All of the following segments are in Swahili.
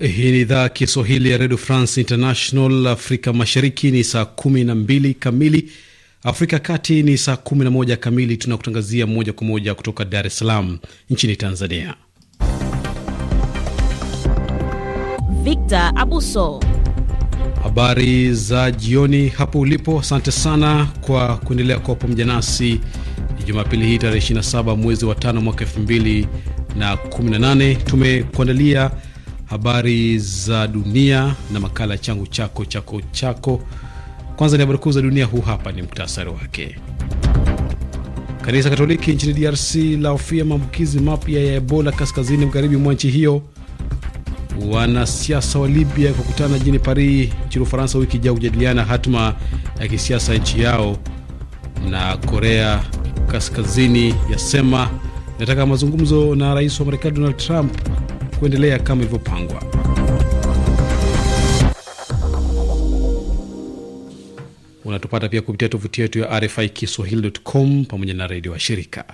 Hii ni idhaa ya Kiswahili ya redio France International. Afrika Mashariki ni saa 12 kamili, Afrika Kati ni saa 11 kamili. Tunakutangazia moja kwa moja kutoka Dar es Salaam nchini Tanzania. Victor Abuso, habari za jioni hapo ulipo. Asante sana kwa kuendelea kuwa pamoja nasi Jumapili hii tarehe 27 mwezi wa 5 mwaka 2018 tumekuandalia habari za dunia na makala changu chako chako chako. Kwanza ni habari kuu za dunia, huu hapa ni mktasari wake. Kanisa Katoliki nchini DRC lahofia maambukizi mapya ya Ebola kaskazini magharibi mwa nchi hiyo. Wanasiasa wa Libya kukutana jijini Paris nchini Ufaransa wiki ijayo kujadiliana hatima ya kisiasa nchi yao. Na Korea Kaskazini yasema inataka mazungumzo na rais wa Marekani Donald Trump kuendelea kama ilivyopangwa. Unatupata pia kupitia tovuti yetu ya RFI Kiswahili.com pamoja na redio wa shirika.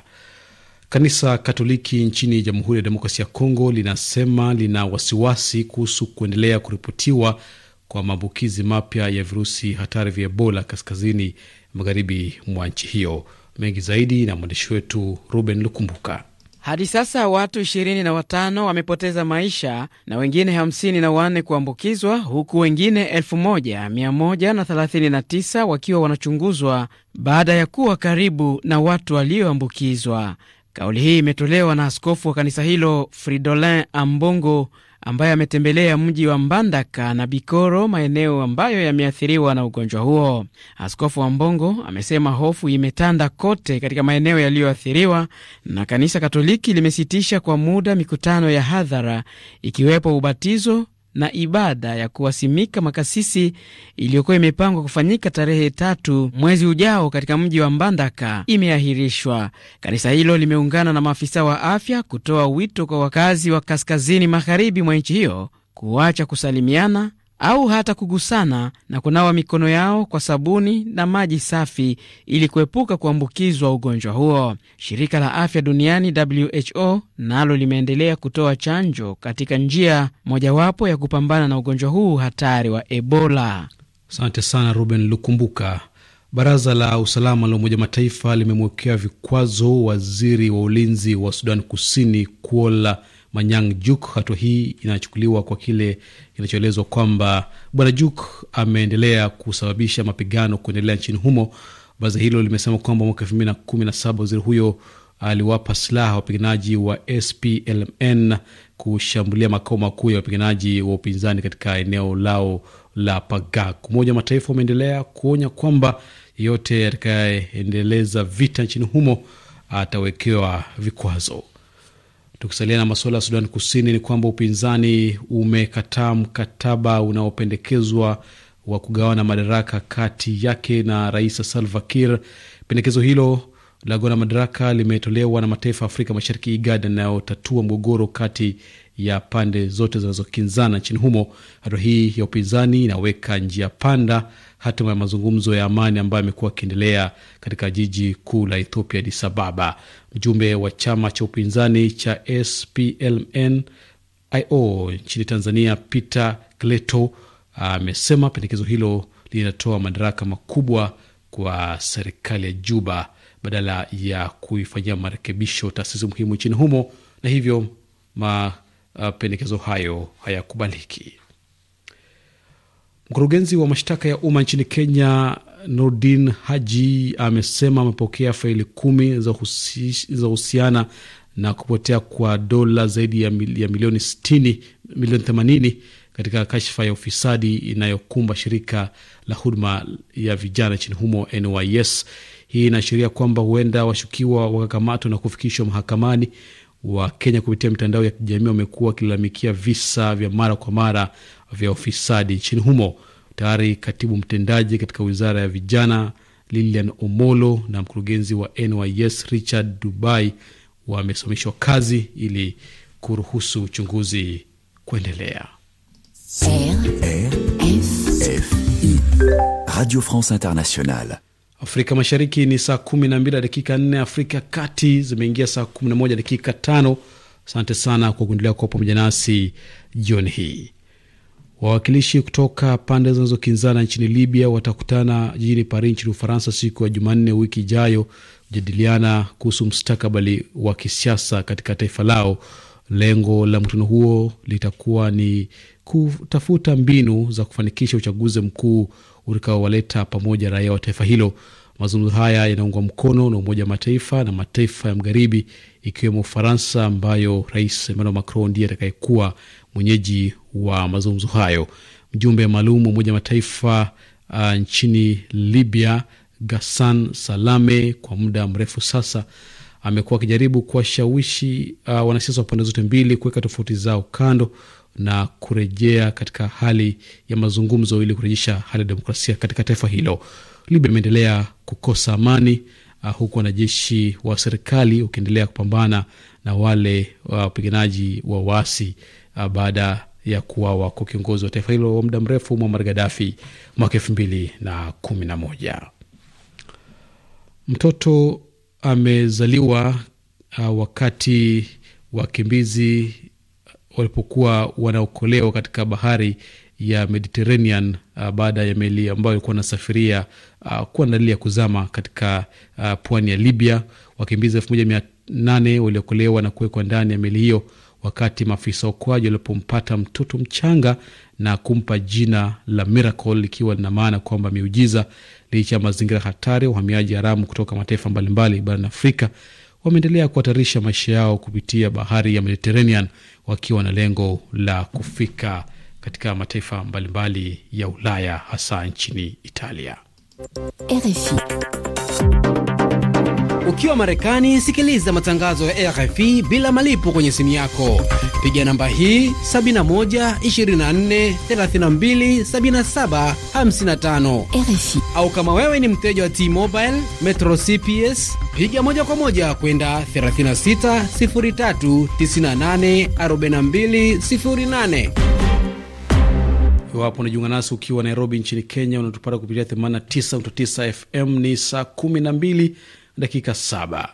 Kanisa Katoliki nchini Jamhuri ya Demokrasia ya Kongo linasema lina wasiwasi kuhusu kuendelea kuripotiwa kwa maambukizi mapya ya virusi hatari vya Ebola kaskazini magharibi mwa nchi hiyo. Mengi zaidi na mwandishi wetu Ruben Lukumbuka. Hadi sasa watu 25 wamepoteza maisha na wengine 54 kuambukizwa huku wengine 1139 wakiwa wanachunguzwa baada ya kuwa karibu na watu walioambukizwa. Kauli hii imetolewa na askofu wa kanisa hilo Fridolin Ambongo ambaye ametembelea mji wa Mbandaka na Bikoro, maeneo ambayo yameathiriwa na ugonjwa huo. Askofu wa Mbongo amesema hofu imetanda kote katika maeneo yaliyoathiriwa, na kanisa Katoliki limesitisha kwa muda mikutano ya hadhara, ikiwepo ubatizo na ibada ya kuwasimika makasisi iliyokuwa imepangwa kufanyika tarehe tatu mwezi ujao katika mji wa Mbandaka imeahirishwa. Kanisa hilo limeungana na maafisa wa afya kutoa wito kwa wakazi wa kaskazini magharibi mwa nchi hiyo kuacha kusalimiana au hata kugusana na kunawa mikono yao kwa sabuni na maji safi ili kuepuka kuambukizwa ugonjwa huo. Shirika la Afya Duniani WHO nalo limeendelea kutoa chanjo katika njia mojawapo ya kupambana na ugonjwa huu hatari wa Ebola. Asante sana Ruben Lukumbuka. Baraza la usalama la Umoja Mataifa limemwekea vikwazo waziri wa ulinzi wa Sudan Kusini Kuola Manyang Juk. Hatua hii inachukuliwa kwa kile kinachoelezwa kwamba Bwana Juk ameendelea kusababisha mapigano kuendelea nchini humo. Baraza hilo limesema kwamba mwaka elfu mbili na kumi na saba waziri huyo aliwapa silaha wapiganaji wa SPLMN kushambulia makao makuu ya wapiganaji wa upinzani katika eneo lao la Pagak. Umoja wa Mataifa umeendelea kuonya kwamba yeyote atakayeendeleza vita nchini humo atawekewa vikwazo. Tukisalia na masuala ya Sudan Kusini, ni kwamba upinzani umekataa mkataba unaopendekezwa wa kugawana madaraka kati yake na Rais Salva Kiir. Pendekezo hilo la kugawana madaraka limetolewa na mataifa ya Afrika Mashariki, IGAD, yanayotatua mgogoro kati ya pande zote zinazokinzana nchini humo. Hatua hii ya upinzani inaweka njia panda hatima ya mazungumzo ya amani ambayo amekuwa akiendelea katika jiji kuu la Ethiopia, Addis Ababa. Mjumbe wa chama cha upinzani cha SPLM io nchini Tanzania, Peter Kleto amesema pendekezo hilo linatoa madaraka makubwa kwa serikali ya Juba badala ya kuifanyia marekebisho taasisi muhimu nchini humo, na hivyo mapendekezo uh, hayo hayakubaliki. Mkurugenzi wa mashtaka ya umma nchini Kenya Nordin Haji amesema amepokea faili kumi za uhusiana na kupotea kwa dola zaidi ya milioni 60 milioni 80 katika kashfa ya ufisadi inayokumba shirika la huduma ya vijana nchini humo NYS. Hii inaashiria kwamba huenda washukiwa wakakamatwa na kufikishwa mahakamani. Wakenya kupitia mitandao ya kijamii wamekuwa wakilalamikia visa vya mara kwa mara vya ufisadi nchini humo. Tayari katibu mtendaji katika wizara ya vijana Lilian Omolo na mkurugenzi wa NYS Richard Dubai wamesimamishwa kazi ili kuruhusu uchunguzi kuendelea. Radio France Internationale. Afrika Mashariki ni saa 12 dakika 4, Afrika Kati zimeingia saa 11 dakika 5. Asante sana kwa kuendelea kuwa pamoja nasi jioni hii. Wawakilishi kutoka pande zinazokinzana nchini Libya watakutana jijini Paris nchini Ufaransa siku ya Jumanne wiki ijayo kujadiliana kuhusu mustakabali wa kisiasa katika taifa lao. Lengo la mkutano huo litakuwa ni kutafuta mbinu za kufanikisha uchaguzi mkuu utakaowaleta pamoja raia wa taifa hilo. Mazungumzo haya yanaungwa mkono na Umoja wa Mataifa na mataifa ya Magharibi, ikiwemo Ufaransa ambayo Rais Emmanuel Macron ndiye atakayekuwa mwenyeji wa mazungumzo hayo. Mjumbe maalum wa Umoja Mataifa uh, nchini Libya Gassan Salame kwa muda mrefu sasa amekuwa akijaribu kuwashawishi uh, wanasiasa wa pande zote mbili kuweka tofauti zao kando na kurejea katika hali ya mazungumzo ili kurejesha hali ya demokrasia katika taifa hilo. Libya imeendelea kukosa amani uh, huku wanajeshi wa serikali ukiendelea kupambana na wale uh, wapiganaji uh, wa waasi. Uh, baada ya kuwawa kwa kiongozi wa taifa hilo wa muda mrefu Muamar Gadafi mwaka elfu mbili na kumi na moja. Mtoto amezaliwa uh, wakati wakimbizi walipokuwa wanaokolewa katika bahari ya Mediterranean uh, baada ya meli ambayo ilikuwa inasafiria kuwa na dalili ya kuzama katika pwani ya Libya. Wakimbizi elfu moja mia nane waliokolewa na kuwekwa ndani ya meli hiyo wakati maafisa okoaji walipompata mtoto mchanga na kumpa jina la Miracle likiwa lina maana kwamba miujiza. Licha ya mazingira hatari, wahamiaji haramu kutoka mataifa mbalimbali barani Afrika wameendelea kuhatarisha maisha yao kupitia bahari ya Mediterranean wakiwa na lengo la kufika katika mataifa mbalimbali ya Ulaya hasa nchini Italia. RFI. Ukiwa Marekani, sikiliza matangazo ya RFI bila malipo kwenye simu yako. Piga namba hii 7124327755 RFI. Au kama wewe ni mteja wa T-Mobile Metro piga moja kwa moja kwenda 36 03 98 Iwapo unajiunga nasi ukiwa Nairobi nchini Kenya, unatupata kupitia 89.9 FM. Ni saa 12 dakika saba.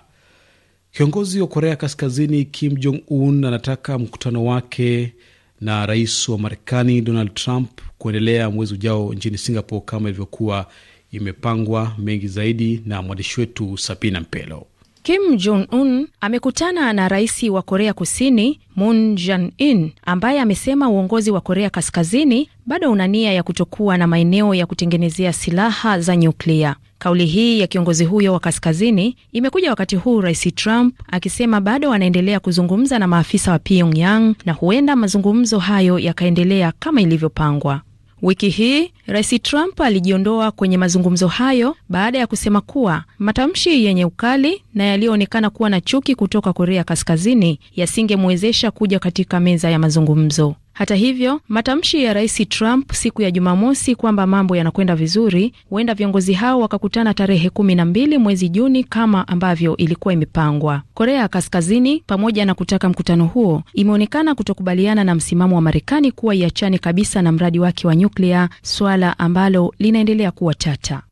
Kiongozi wa Korea Kaskazini Kim Jong Un anataka mkutano wake na rais wa Marekani Donald Trump kuendelea mwezi ujao nchini Singapore kama ilivyokuwa imepangwa. Mengi zaidi na mwandishi wetu Sapina Mpelo. Kim Jong Un amekutana na rais wa Korea Kusini Moon Jae-in ambaye amesema uongozi wa Korea Kaskazini bado una nia ya kutokuwa na maeneo ya kutengenezea silaha za nyuklia. Kauli hii ya kiongozi huyo wa kaskazini imekuja wakati huu Rais Trump akisema bado wanaendelea kuzungumza na maafisa wa Pyongyang na huenda mazungumzo hayo yakaendelea kama ilivyopangwa. Wiki hii Rais Trump alijiondoa kwenye mazungumzo hayo baada ya kusema kuwa matamshi yenye ukali na yaliyoonekana kuwa na chuki kutoka Korea Kaskazini yasingemwezesha kuja katika meza ya mazungumzo. Hata hivyo, matamshi ya Rais Trump siku ya Jumamosi kwamba mambo yanakwenda vizuri, huenda viongozi hao wakakutana tarehe kumi na mbili mwezi Juni kama ambavyo ilikuwa imepangwa. Korea ya Kaskazini, pamoja na kutaka mkutano huo, imeonekana kutokubaliana na msimamo wa Marekani kuwa iachane kabisa na mradi wake wa nyuklia, swala ambalo linaendelea kuwa tata.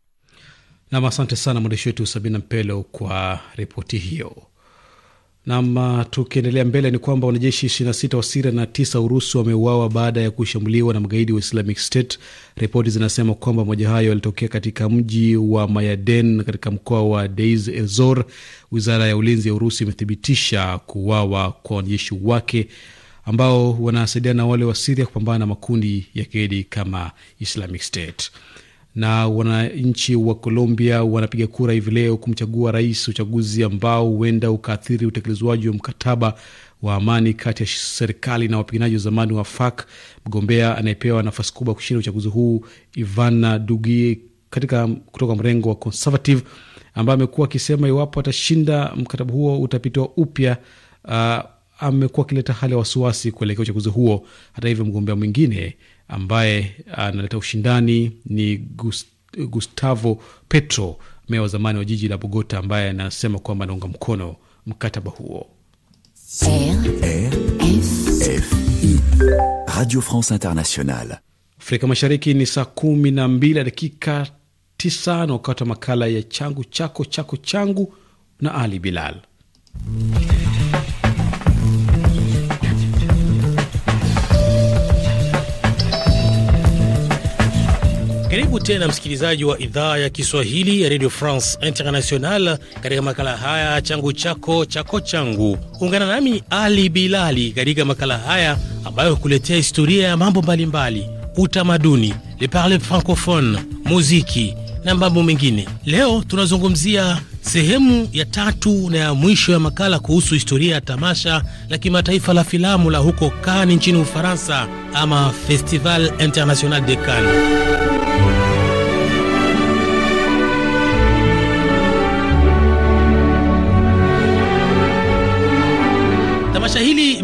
Nam, asante sana mwandishi wetu Sabina Mpelo kwa ripoti hiyo. Nam, tukiendelea mbele ni kwamba wanajeshi 26 wa Siria na tisa Urusi wameuawa baada ya kushambuliwa na magaidi wa Islamic State. Ripoti zinasema kwamba moja hayo yalitokea katika mji wa Mayaden katika mkoa wa Deiz Ezor. Wizara ya ulinzi ya Urusi imethibitisha kuuawa kwa wanajeshi wake ambao wanasaidiana na wale wa Siria kupambana na makundi ya kigaidi kama Islamic State na wananchi wa Colombia wanapiga kura hivi leo kumchagua rais, uchaguzi ambao huenda ukaathiri utekelezwaji wa mkataba wa amani kati ya serikali na wapiganaji wa zamani wa FARC. Mgombea anayepewa nafasi kubwa kushinda uchaguzi huu Ivan Duque katika kutoka mrengo wa Conservative, ambaye amekuwa akisema iwapo atashinda mkataba huo utapitiwa upya. Uh, amekuwa akileta hali ya wasiwasi kuelekea uchaguzi huo. Hata hivyo, mgombea mwingine ambaye analeta ushindani ni Gustavo Petro, meya wa zamani wa jiji la Bogota, ambaye anasema kwamba anaunga mkono mkataba huo. Radio France Internationale. Afrika Mashariki ni saa kumi na mbili na dakika tisa na wakati wa makala ya changu chako chako changu na Ali Bilal. Karibu tena msikilizaji wa idhaa ya Kiswahili ya Radio France International katika makala haya changu chako chako changu. Ungana nami Ali Bilali katika makala haya ambayo hukuletea historia ya mambo mbalimbali, utamaduni, le parle francophone, muziki na mambo mengine. Leo tunazungumzia sehemu ya tatu na ya mwisho ya makala kuhusu historia ya tamasha la kimataifa la filamu la huko Cannes nchini Ufaransa ama Festival International de Cannes.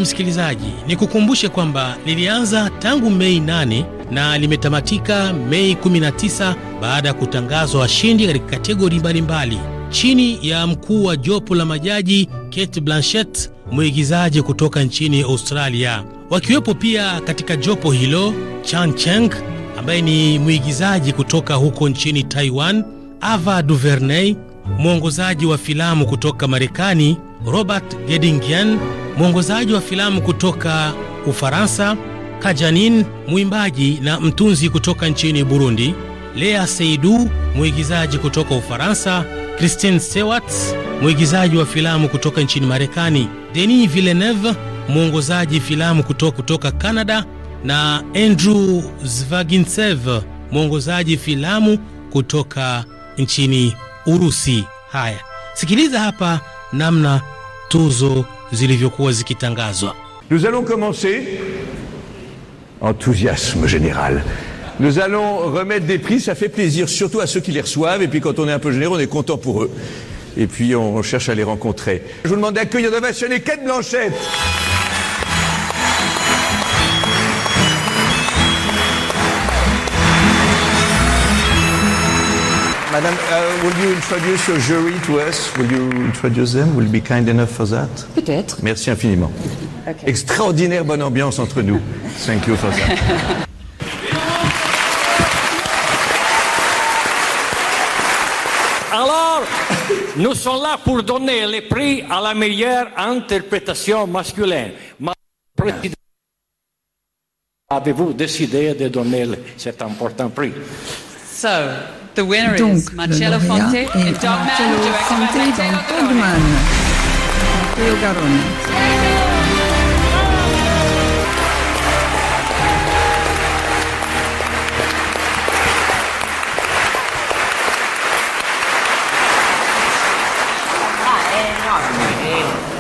msikilizaji, nikukumbushe kwamba lilianza tangu Mei 8 na limetamatika Mei 19 baada ya kutangazwa washindi katika kategori mbalimbali chini ya mkuu wa jopo la majaji Kate Blanchett, mwigizaji kutoka nchini Australia. Wakiwepo pia katika jopo hilo Chan Cheng ambaye ni mwigizaji kutoka huko nchini Taiwan, Ava DuVernay mwongozaji wa filamu kutoka Marekani, Robert Gedingian mwongozaji wa filamu kutoka Ufaransa, Kajanin mwimbaji na mtunzi kutoka nchini Burundi, Lea Seidu mwigizaji kutoka Ufaransa, Kristen Stewart mwigizaji wa filamu kutoka nchini Marekani, Denis Villeneuve mwongozaji filamu kutoka, kutoka Canada na Andrew Zvagintsev mwongozaji filamu kutoka nchini Urusi. Haya, sikiliza hapa namna tuzo Nous allons commencer enthousiasme général. Nous allons remettre des prix, ça fait plaisir, surtout à ceux qui les reçoivent. Et puis quand on est un peu généreux, on est content pour eux. Et puis on cherche à les rencontrer. Je vous demande d'accueillir d'ovationner Kate Blanchette. Madame, uh, will you introduce your jury to us? Will you introduce them? Will you be kind enough for that? Peut-être. Merci infiniment. Extraordinaire bonne ambiance entre nous. Thank you for that. Alors, nous sommes là pour donner le prix à la meilleure interprétation masculine. Ma avez-vous décidé de donner cet important prix? So, Donc, Marcello le Fonte et Marcello Fonte dans Dogman. Matteo Garone.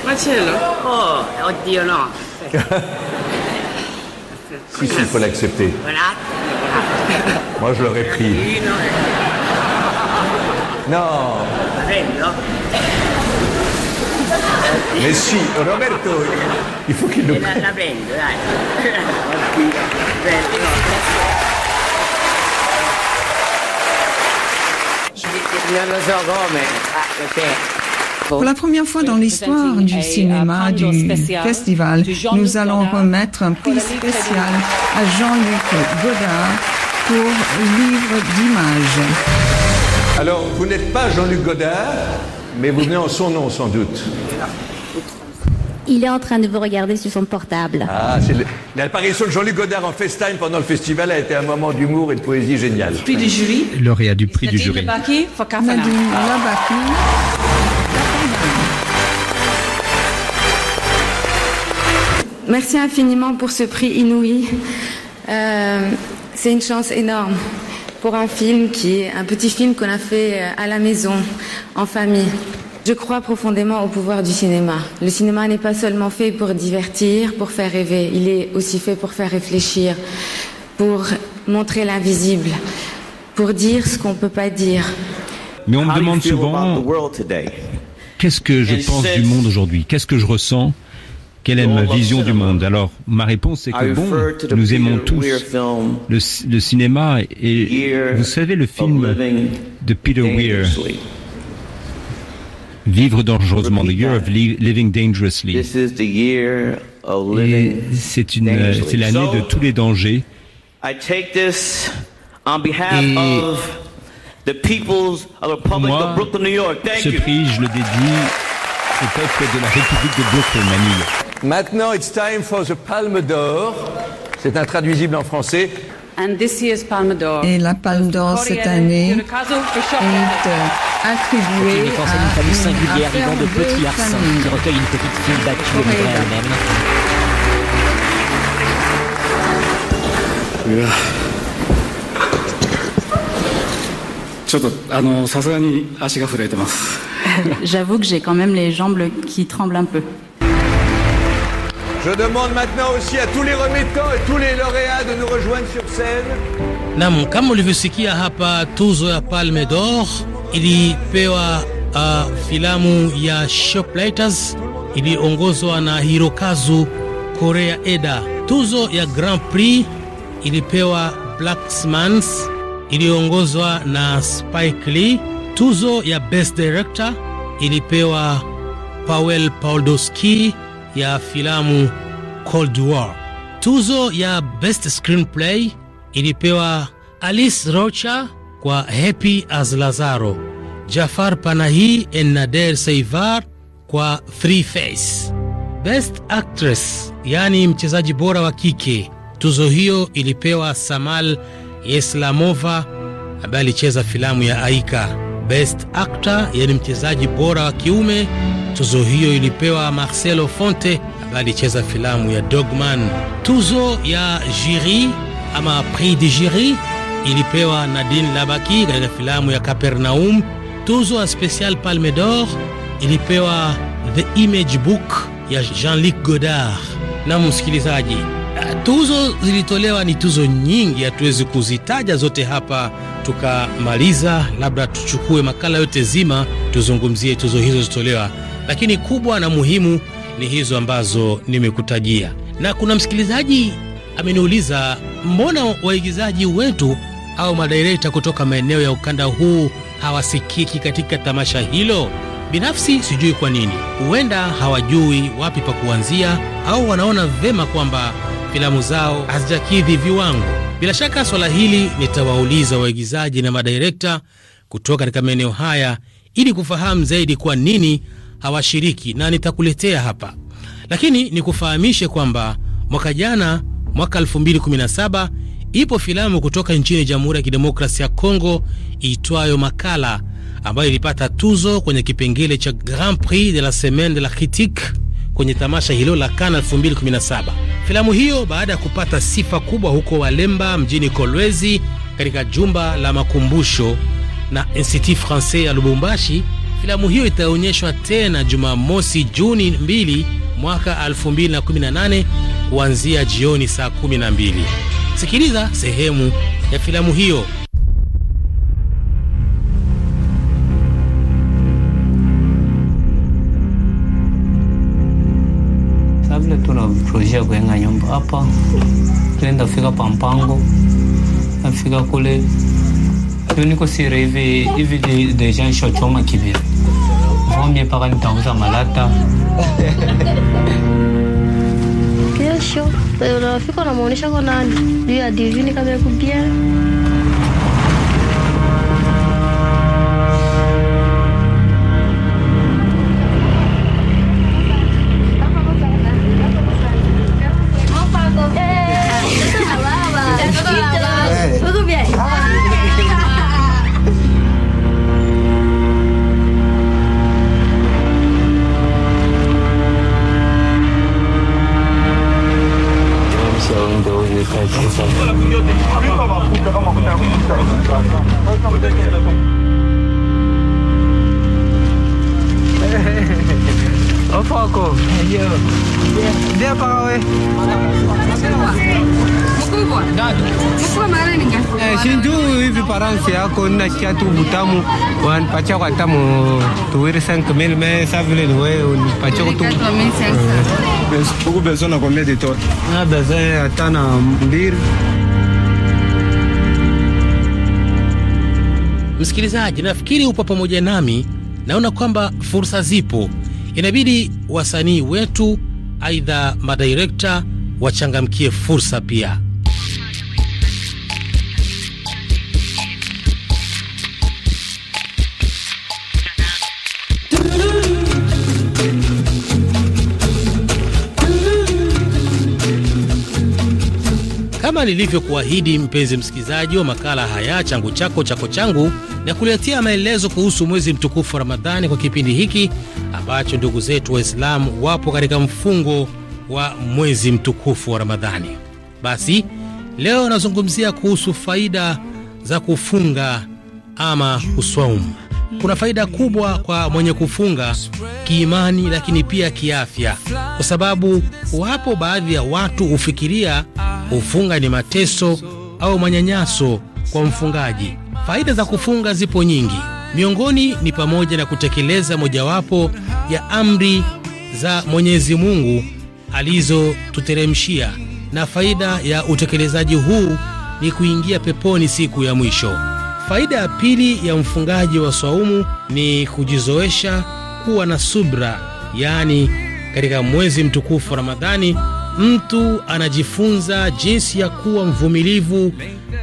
Marcello? Oh, oddio no. Aspetta. Aspetta. Qui si, il faut l'accepter. Voilà. Moi, je l'aurais pris. Non. Mais si, Roberto, il faut qu'il nous prenne. La non, dai. Non lo so come, perché pour la première fois dans l'histoire du cinéma du festival, nous allons remettre un prix spécial à Jean-Luc Godard pour livre d'images. Alors, vous n'êtes pas Jean-Luc Godard, mais vous venez en son nom sans doute. Il est en train de vous regarder sur son portable. Ah, l'apparition de Jean-Luc Godard en FaceTime pendant le festival a été un moment d'humour et de poésie génial. Prix du jury. Lauréat du prix du jury. Merci infiniment pour ce prix inouï. Euh, c'est une chance énorme pour un film qui est un petit film qu'on a fait euh, à la maison, en famille. Je crois profondément au pouvoir du cinéma. Le cinéma n'est pas seulement fait pour divertir, pour faire rêver, il est aussi fait pour faire réfléchir, pour montrer l'invisible, pour dire ce qu'on ne peut pas dire. Mais on me demande souvent, qu'est-ce que je pense du monde aujourd'hui Qu'est-ce que je ressens quelle est ma vision du monde Alors, ma réponse est que, bon, nous aimons tous le, cinéma et, vous savez, le film de Peter Weir, Vivre dangereusement, The Year of Living Dangerously. Et c'est l'année de tous les dangers. Et moi, ce prix, je le dédie au peuple de la République de Brooklyn, à Maintenant, it's time for the Palme d'Or. C'est intraduisible en français. And this year's Palme d'Or. Et la Palme d'Or cette année est euh, attribuée à une famille singulière vivant de petits garçons qui recueille une petite fille battue et elle-même. J'avoue que j'ai quand même les jambes qui tremblent un peu. Je demande maintenant aussi à tous les remettants et tous les lauréats de nous rejoindre sur scène. Nam kama ulivyosikia hapa tuzo ya Palme d'Or ilipewa a filamu ya Shoplighters y na Hirokazu Korea Eda. Tuzo ya Grand Prix ilipewa Blackmans iliongozwa na Spike Lee. Tuzo ya Best Director ilipewa Paweł Pawlowski ya filamu Cold War. Tuzo ya Best Screenplay ilipewa Alice Rocha kwa Happy as Lazaro, Jafar Panahi and Nader Saivar kwa Three Face. Best Actress, yaani mchezaji bora wa kike, tuzo hiyo ilipewa Samal Yeslamova ambaye alicheza filamu ya Aika. Best Actor, yani mchezaji bora wa kiume. Tuzo hiyo ilipewa Marcelo Fonte ambaye alicheza filamu ya Dogman. Tuzo ya Jury ama Prix de Jury ilipewa Nadine Labaki katika filamu ya Capernaum. Tuzo ya Special Palme d'Or ilipewa The Image Book ya Jean-Luc Godard. Na msikilizaji Tuzo zilitolewa ni tuzo nyingi, hatuwezi kuzitaja zote hapa tukamaliza. Labda tuchukue makala yote zima tuzungumzie tuzo hizo zilizotolewa, lakini kubwa na muhimu ni hizo ambazo nimekutajia. Na kuna msikilizaji ameniuliza, mbona waigizaji wetu au madirekta kutoka maeneo ya ukanda huu hawasikiki katika tamasha hilo? Binafsi sijui kwa nini, huenda hawajui wapi pa kuanzia, au wanaona vema kwamba filamu zao hazijakidhi viwango. Bila shaka swala hili nitawauliza waigizaji na madirekta kutoka katika maeneo haya ili kufahamu zaidi kwa nini hawashiriki, na nitakuletea hapa, lakini nikufahamishe kwamba mwaka jana, mwaka 2017 ipo filamu kutoka nchini Jamhuri ya Kidemokrasia ya Kongo iitwayo Makala ambayo ilipata tuzo kwenye kipengele cha Grand Prix de la Semaine de la Critique kwenye tamasha hilo la kana 2017. Filamu hiyo baada ya kupata sifa kubwa huko Walemba mjini Kolwezi katika jumba la makumbusho na Institut Francais ya Lubumbashi. Filamu hiyo itaonyeshwa tena Jumamosi Juni 2 mwaka 2018 kuanzia jioni saa 12. Sikiliza sehemu ya filamu hiyo. proje ya kujenga nyumba hapa. Nenda fika pa mpango, nafika kule niko sire hivi hivi, deja nishachoma kibiri vomie mpaka nitauza malata kesho. Eh, unafika unamwonyesha kwa nani juu ya divini kama kubiera tu wanipatia eh, kwa tamu tuwiri vile ni wewe unipatia na eh, na hata na Msikilizaji, nafikiri upo pamoja nami, naona kwamba fursa zipo, inabidi wasanii wetu aidha madirekta wachangamkie fursa pia. Kama nilivyokuahidi mpenzi msikilizaji wa makala haya changu chako chako changu, na kuletea maelezo kuhusu mwezi mtukufu wa Ramadhani kwa kipindi hiki ambacho ndugu zetu Waislamu wapo katika mfungo wa mwezi mtukufu wa Ramadhani. Basi leo nazungumzia kuhusu faida za kufunga ama kuswaumu kuna faida kubwa kwa mwenye kufunga kiimani, lakini pia kiafya, kwa sababu wapo baadhi ya watu hufikiria kufunga ni mateso au manyanyaso kwa mfungaji. Faida za kufunga zipo nyingi, miongoni ni pamoja na kutekeleza mojawapo ya amri za Mwenyezi Mungu alizotuteremshia, na faida ya utekelezaji huu ni kuingia peponi siku ya mwisho. Faida ya pili ya mfungaji wa swaumu ni kujizoesha kuwa na subra, yaani katika mwezi mtukufu wa Ramadhani mtu anajifunza jinsi ya kuwa mvumilivu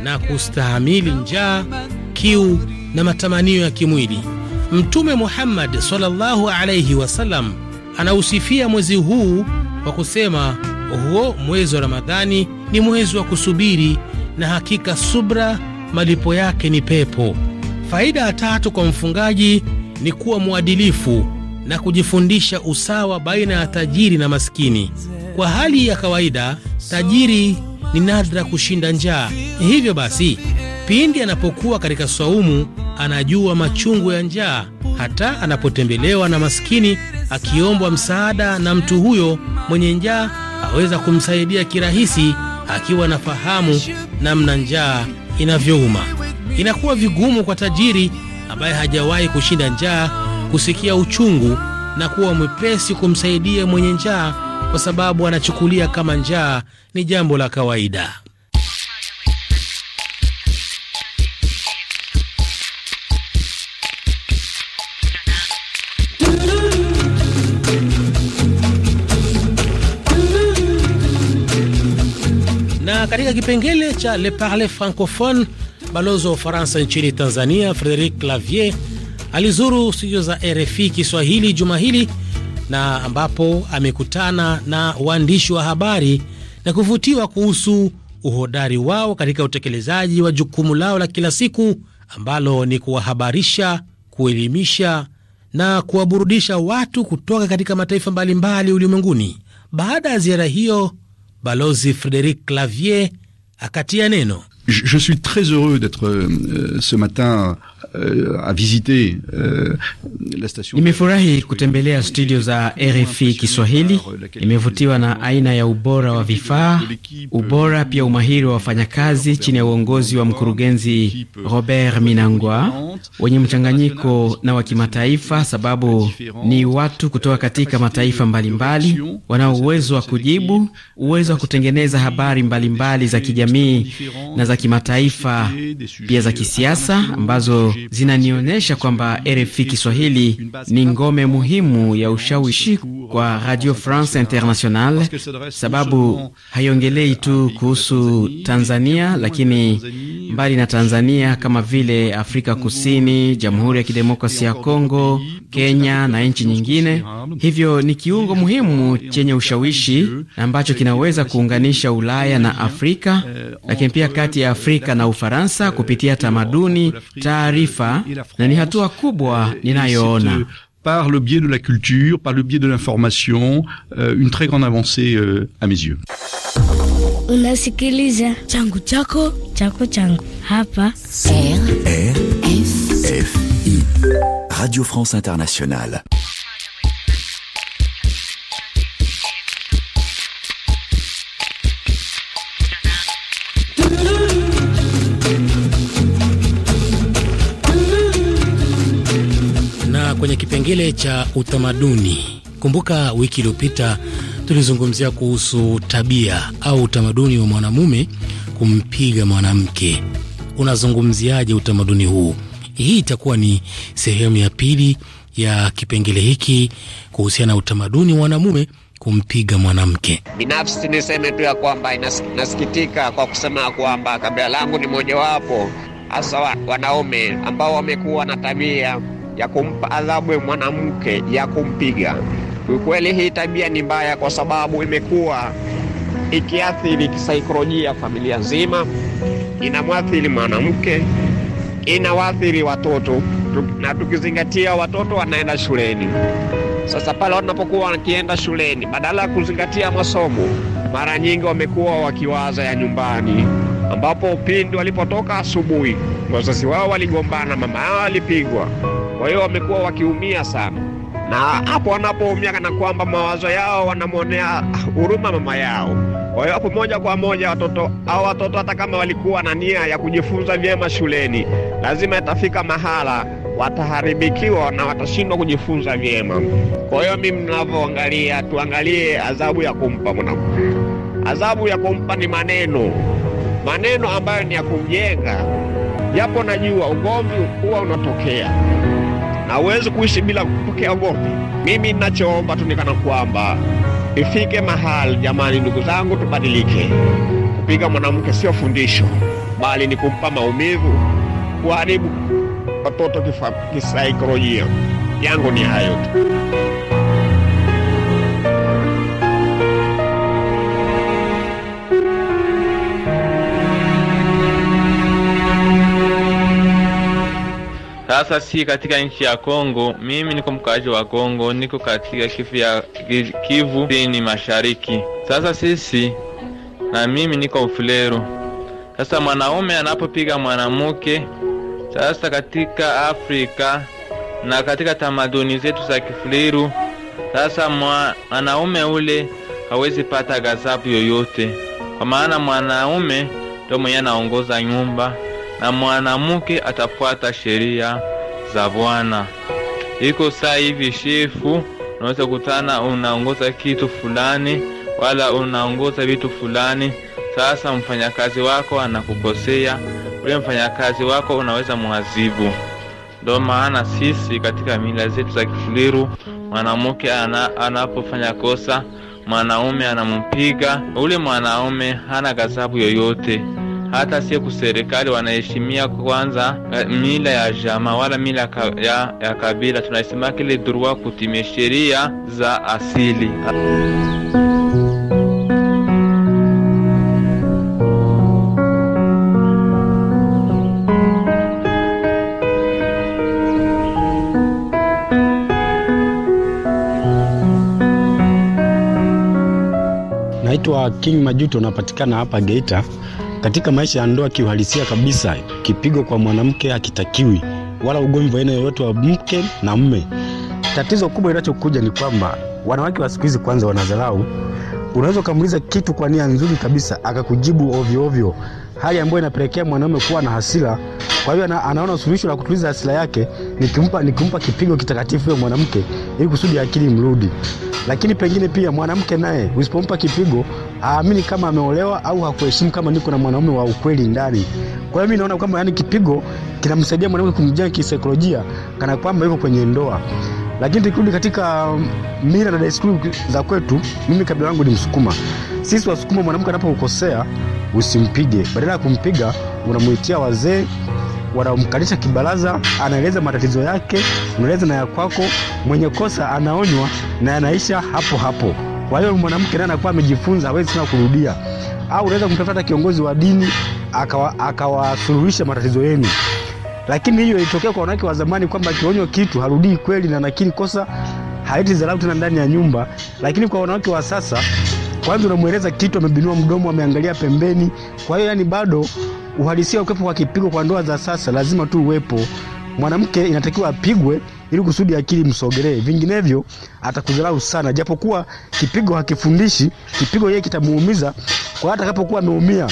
na kustahamili njaa, kiu na matamanio ya kimwili. Mtume Muhammad sallallahu alayhi wasallam anausifia mwezi huu kwa kusema, huo mwezi wa Ramadhani ni mwezi wa kusubiri, na hakika subra malipo yake ni pepo. Faida ya tatu kwa mfungaji ni kuwa mwadilifu na kujifundisha usawa baina ya tajiri na maskini. Kwa hali ya kawaida, tajiri ni nadra kushinda njaa. Hivyo basi, pindi anapokuwa katika swaumu, anajua machungu ya njaa, hata anapotembelewa na maskini akiombwa msaada na mtu huyo mwenye njaa aweza kumsaidia kirahisi, akiwa fahamu namna njaa inavyouma. Inakuwa vigumu kwa tajiri ambaye hajawahi kushinda njaa kusikia uchungu na kuwa mwepesi kumsaidia mwenye njaa, kwa sababu anachukulia kama njaa ni jambo la kawaida. katika kipengele cha Le Parle Francophone, balozi wa Ufaransa nchini Tanzania Frederic Clavier alizuru studio za RFI Kiswahili juma hili na ambapo amekutana na waandishi wa habari na kuvutiwa kuhusu uhodari wao katika utekelezaji wa jukumu lao la kila siku ambalo ni kuwahabarisha, kuelimisha na kuwaburudisha watu kutoka katika mataifa mbalimbali ulimwenguni. Baada ya ziara hiyo Balozi Frédéric Clavier akatia neno. Je, je suis très heureux d'être euh, ce matin uh, visité uh, nimefurahi kutembelea studio za RFI Kiswahili. Nimevutiwa na aina ya ubora wa vifaa, ubora pia umahiri wa wafanyakazi chini ya uongozi wa mkurugenzi Robert Minangwa, wenye mchanganyiko na wa kimataifa, sababu ni watu kutoka katika mataifa mbalimbali, wanao uwezo wa kujibu, uwezo wa kutengeneza habari mbalimbali mbali za kijamii na za kimataifa, pia za kisiasa ambazo zinanionyesha kwamba RFI Kiswahili ni ngome muhimu ya ushawishi kwa Radio France Internationale, sababu haiongelei tu kuhusu Tanzania, lakini mbali na Tanzania kama vile Afrika Kusini, Jamhuri ya Kidemokrasia ya Kongo, Kenya na nchi nyingine. Hivyo ni kiungo muhimu chenye ushawishi ambacho kinaweza kuunganisha Ulaya na Afrika, lakini pia kati ya Afrika na Ufaransa kupitia tamaduni, taarifa kimataifa na ni hatua kubwa euh, ninayoona par le biais de la culture, par le biais de l'information, euh, une très grande avancée euh, à mes yeux. Unasikiliza changu chako chako changu hapa F I Radio France Internationale. kipengele cha utamaduni. Kumbuka wiki iliyopita tulizungumzia kuhusu tabia au utamaduni wa mwanamume kumpiga mwanamke. Unazungumziaje utamaduni huu? Hii itakuwa ni sehemu ya pili ya kipengele hiki kuhusiana na utamaduni wa mwanamume kumpiga mwanamke. Binafsi niseme tu ya kwamba inasikitika kwa kusema kwamba kabila langu ni mojawapo hasa wanaume ambao wamekuwa na tabia ya adhabu mwanamke ya kumpiga. Kiukweli hii tabia ni mbaya, kwa sababu imekuwa ikiathiri kisaikolojia familia nzima, inamwathiri mwanamke, inawaathiri watoto, na tukizingatia watoto wanaenda shuleni. Sasa pale wanapokuwa wakienda shuleni, badala ya kuzingatia masomo, mara nyingi wamekuwa wakiwaza ya nyumbani, ambapo pindi walipotoka asubuhi wazazi wao waligombana, mama yao alipigwa kwa hiyo wamekuwa wakiumia sana, na hapo wanapoumia na kwamba mawazo yao wanamwonea huruma mama yao. Kwa hiyo hapo moja kwa moja watoto au watoto, hata kama walikuwa na nia ya kujifunza vyema shuleni, lazima itafika mahala wataharibikiwa na watashindwa kujifunza vyema. Kwa hiyo mimi, ninavyoangalia, tuangalie adhabu ya kumpa mwanamke. Adhabu ya kumpa ni maneno, maneno ambayo ni ya kumjenga, japo najua ugomvi huwa unatokea na huwezi kuishi bila kupokea ngombe. Mimi ninachoomba tunikana kwamba ifike mahali, jamani, ndugu zangu, tubadilike. Kupiga mwanamke sio fundisho, bali ni kumpa maumivu, kuharibu watoto kisaikolojia. Yangu ni hayo tu. sasa si katika nchi ya Kongo. Mimi niko mkaaji wa Kongo, niko katika Kivu ya Kivu ni mashariki. Sasa sisi na mimi niko fuleru Sasa mwanaume anapopiga mwanamke, sasa katika Afrika na katika tamaduni zetu za Kifuleru, sasa mwanaume ule hawezi pata gazabu yoyote, kwa maana mwanaume ndio mwenye anaongoza nyumba na mwanamke atafuata sheria za Bwana. Iko saa hivi shefu, unaweza kutana unaongoza kitu fulani, wala unaongoza vitu fulani. Sasa mfanyakazi wako anakukosea, ule mfanyakazi wako unaweza mwazibu. Ndio maana sisi katika mila zetu za Kifuliru, mwanamke ana, anapofanya kosa, mwanaume anampiga. Ule mwanaume hana ghadhabu yoyote hata siku serikali wanaheshimia kwanza eh, mila ya jama wala mila ya, ya kabila. Tunasema kile durua kutimia sheria za asili. Naitwa King Majuto, napatikana hapa Geita. Katika maisha ya ndoa kiuhalisia kabisa, kipigo kwa mwanamke hakitakiwi, wala ugomvi wa aina yoyote wa mke na mme. Tatizo kubwa linachokuja ni kwamba wanawake wa siku hizi kwanza wanadharau. Unaweza ukamuuliza kitu kwa nia nzuri kabisa akakujibu ovyo ovyo, hali ambayo inapelekea mwanaume kuwa na hasira. Kwa hiyo anaona suluhisho la kutuliza hasira yake nikimpa, nikimpa kipigo kitakatifu huyo mwanamke ili kusudi akili mrudi. Lakini pengine pia mwanamke naye usipompa kipigo haamini ah, kama ameolewa au hakuheshimu kama niko na mwanaume wa ukweli ndani. Kwa hiyo mimi naona kwamba yani kipigo kinamsaidia mwanamke kumjenga kisaikolojia kana kwamba yuko kwenye ndoa. Lakini tukirudi katika um, mila na desturi za kwetu, mimi kabila langu ni Msukuma. Sisi Wasukuma, mwanamke anapokosea usimpige, badala ya kumpiga unamuitia wazee wanamkalisha kibaraza, anaeleza matatizo yake, unaeleza na ya kwako. Mwenye kosa anaonywa na anaisha hapo hapo. Kwa hiyo mwanamke naye anakuwa amejifunza, hawezi tena kurudia. Au unaweza kumtafuta kiongozi wa dini akawasuluhisha akawa matatizo yenu. Lakini hiyo ilitokea kwa wanawake wa zamani kwamba akionywa kitu harudii kweli na nakili kosa haiti dharau tena ndani ya nyumba. Lakini kwa wanawake wa sasa, kwanza unamweleza kitu, amebinua mdomo, ameangalia pembeni. Kwa hiyo yani bado uhalisia ukwepo kwa kipigo kwa ndoa za sasa lazima tu uwepo mwanamke inatakiwa apigwe ili kusudi akili msogelee, vinginevyo atakudharau sana. Japokuwa kipigo hakifundishi, kipigo yeye kitamuumiza, kwa hata atakapokuwa ameumia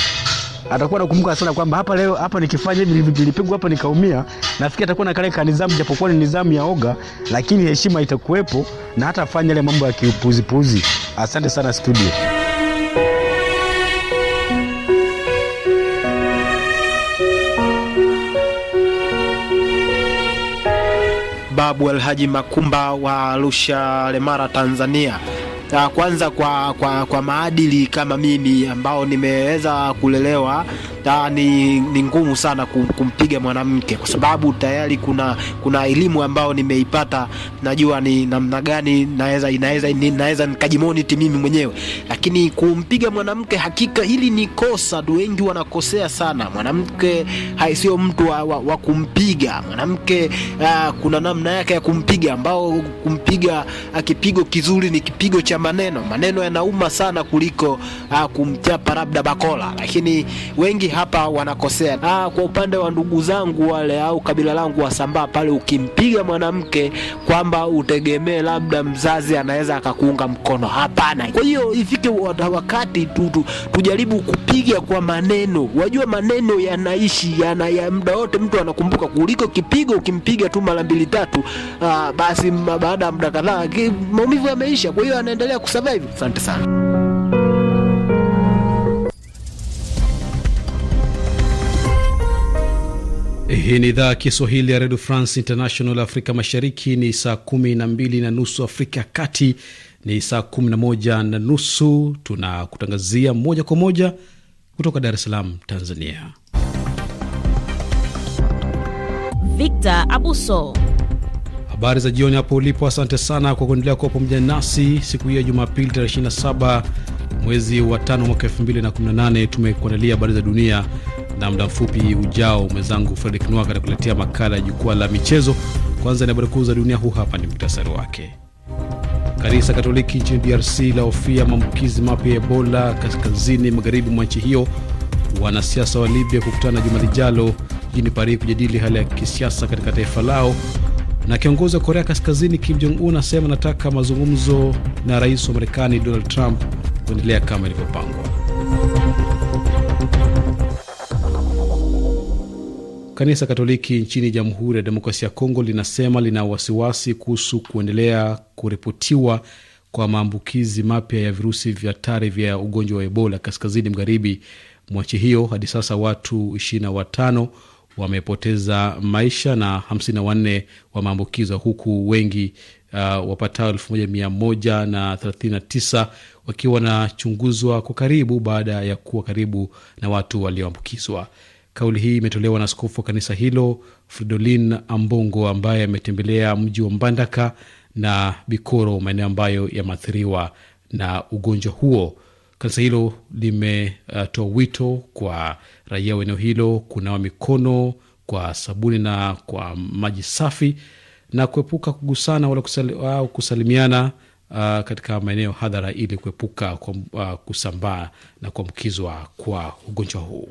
atakuwa nakumbuka sana kwamba hapa leo, hapa nikifanya hivi nilipigwa, hapa nikaumia. Nafikiri atakuwa na kale ka nidhamu, japokuwa ni nidhamu ya oga, lakini heshima itakuwepo na hata afanya yale mambo ya kiupuzipuzi. Asante sana studio. Babu Alhaji Makumba wa Arusha, Lemara, Tanzania. Kwanza kwa, kwa, kwa maadili kama mimi ambao nimeweza kulelewa na ni, ni ngumu sana kumpiga mwanamke kwa sababu tayari kuna kuna elimu ambayo nimeipata, najua ni namna gani naweza inaweza naweza nikajimoniti mimi mwenyewe, lakini kumpiga mwanamke, hakika hili ni kosa. Watu wengi wanakosea sana. Mwanamke Haisiyo mtu wa, wa, wa kumpiga mwanamke. Uh, kuna namna yake ya kumpiga ambao kumpiga uh, kipigo kizuri ni kipigo cha maneno. Maneno yanauma sana kuliko uh, kumchapa labda bakola, lakini wengi hapa wanakosea. Ah, kwa upande wa ndugu zangu wale au kabila langu Wasambaa pale, ukimpiga mwanamke kwamba utegemee labda mzazi anaweza akakuunga mkono, hapana. Kwa hiyo ifike wakati tu, tu, tujaribu kupiga kwa maneno. Wajua maneno yanaishi yana, ya muda wote mtu anakumbuka kuliko kipigo. Ukimpiga tu mara mbili tatu, ah, basi baada ya muda kadhaa maumivu yameisha, kwa hiyo anaendelea kusurvive. Asante sana. Hii ni idhaa ya Kiswahili ya redio France International. Afrika mashariki ni saa kumi na mbili na nusu, Afrika ya kati ni saa kumi na moja na nusu. Tunakutangazia moja kwa moja kutoka Dar es Salaam, Tanzania. Victor Abuso, habari za jioni hapo ulipo. Asante sana kwa kuendelea kuwa pamoja nasi siku hii ya Jumapili, tarehe 27 mwezi wa tano mwaka 2018. Tumekuandalia habari za dunia na muda mfupi ujao mwenzangu Fredrick Nwaka atakuletea makala ya jukwaa la michezo. Kwanza ni habari kuu za dunia, huu hapa ni muktasari wake. Kanisa Katoliki nchini DRC lahofia maambukizi mapya ya Ebola kaskazini magharibi mwa nchi hiyo. Wanasiasa wa Libya kukutana juma lijalo jijini Paris kujadili hali ya kisiasa katika taifa lao. Na kiongozi wa Korea Kaskazini Kim Jong Un asema anataka mazungumzo na rais wa Marekani Donald Trump kuendelea kama ilivyopangwa. Kanisa Katoliki nchini Jamhuri ya Demokrasia ya Kongo linasema lina wasiwasi kuhusu kuendelea kuripotiwa kwa maambukizi mapya ya virusi vya hatari vya ugonjwa wa Ebola kaskazini magharibi mwa nchi hiyo. Hadi sasa watu 25 wamepoteza maisha na 54 wameambukizwa huku wengi uh, wapatao 1139 wakiwa wanachunguzwa kwa karibu baada ya kuwa karibu na watu walioambukizwa. Kauli hii imetolewa na askofu wa kanisa hilo Fridolin Ambongo ambaye ametembelea mji wa Mbandaka na Bikoro, maeneo ambayo yameathiriwa na ugonjwa huo. Kanisa hilo limetoa uh, wito kwa raia wa eneo hilo kunawa mikono kwa sabuni na kwa maji safi na kuepuka kugusana wala kusali, kusalimiana uh, katika maeneo hadhara ili kuepuka uh, kusambaa na kuambukizwa kwa ugonjwa huu.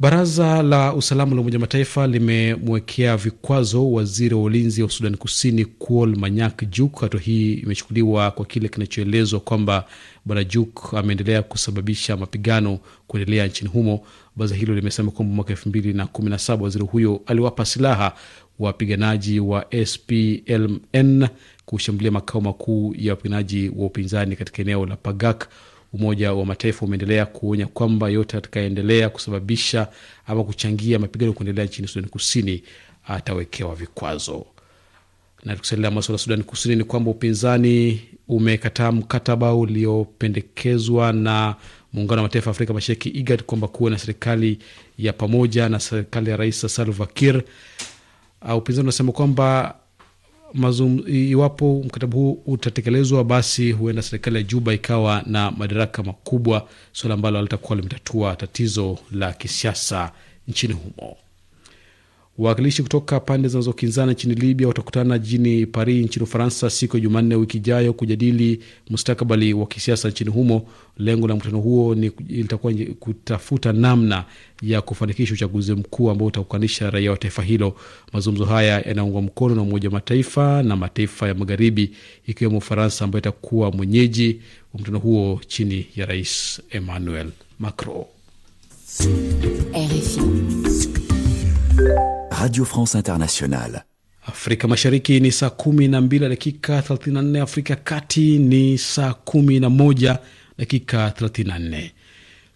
Baraza la usalama la Umoja Mataifa limemwekea vikwazo waziri wa ulinzi wa Sudan Kusini Kuol Manyak Juk. Hatua hii imechukuliwa kwa kile kinachoelezwa kwamba Bwana Juk ameendelea kusababisha mapigano kuendelea nchini humo. Baraza hilo limesema kwamba mwaka elfu mbili na kumi na saba waziri huyo aliwapa silaha wapiganaji wa SPLM kushambulia makao makuu ya wapiganaji wa upinzani katika eneo la Pagak Umoja wa Mataifa umeendelea kuonya kwamba yote atakaendelea kusababisha ama kuchangia mapigano kuendelea nchini Sudani Kusini atawekewa vikwazo. Na tukisalia masuala ya Sudani Kusini ni kwamba upinzani umekataa mkataba uliopendekezwa na Muungano wa Mataifa ya Afrika Mashariki, IGAD, kwamba kuwe na serikali ya pamoja na serikali ya Rais Salva Kiir. Uh, upinzani unasema kwamba mazum, iwapo mkataba huu utatekelezwa, basi huenda serikali ya Juba ikawa na madaraka makubwa, suala ambalo halitakuwa limetatua tatizo la kisiasa nchini humo. Wawakilishi kutoka pande zinazokinzana nchini Libya watakutana jijini Paris nchini Ufaransa siku ya Jumanne wiki ijayo kujadili mustakabali wa kisiasa nchini humo. Lengo la mkutano huo ni litakuwa kutafuta namna ya kufanikisha uchaguzi mkuu ambao utakukanisha raia wa taifa hilo. Mazungumzo haya yanaungwa mkono na Umoja wa Mataifa na mataifa ya Magharibi, ikiwemo Ufaransa ambayo itakuwa mwenyeji wa mkutano huo chini ya Rais Emmanuel Macron. RFI. Radio France Internationale. Afrika Mashariki ni saa kumi na mbili dakika 34, Afrika Kati ni saa kumi na moja dakika 34.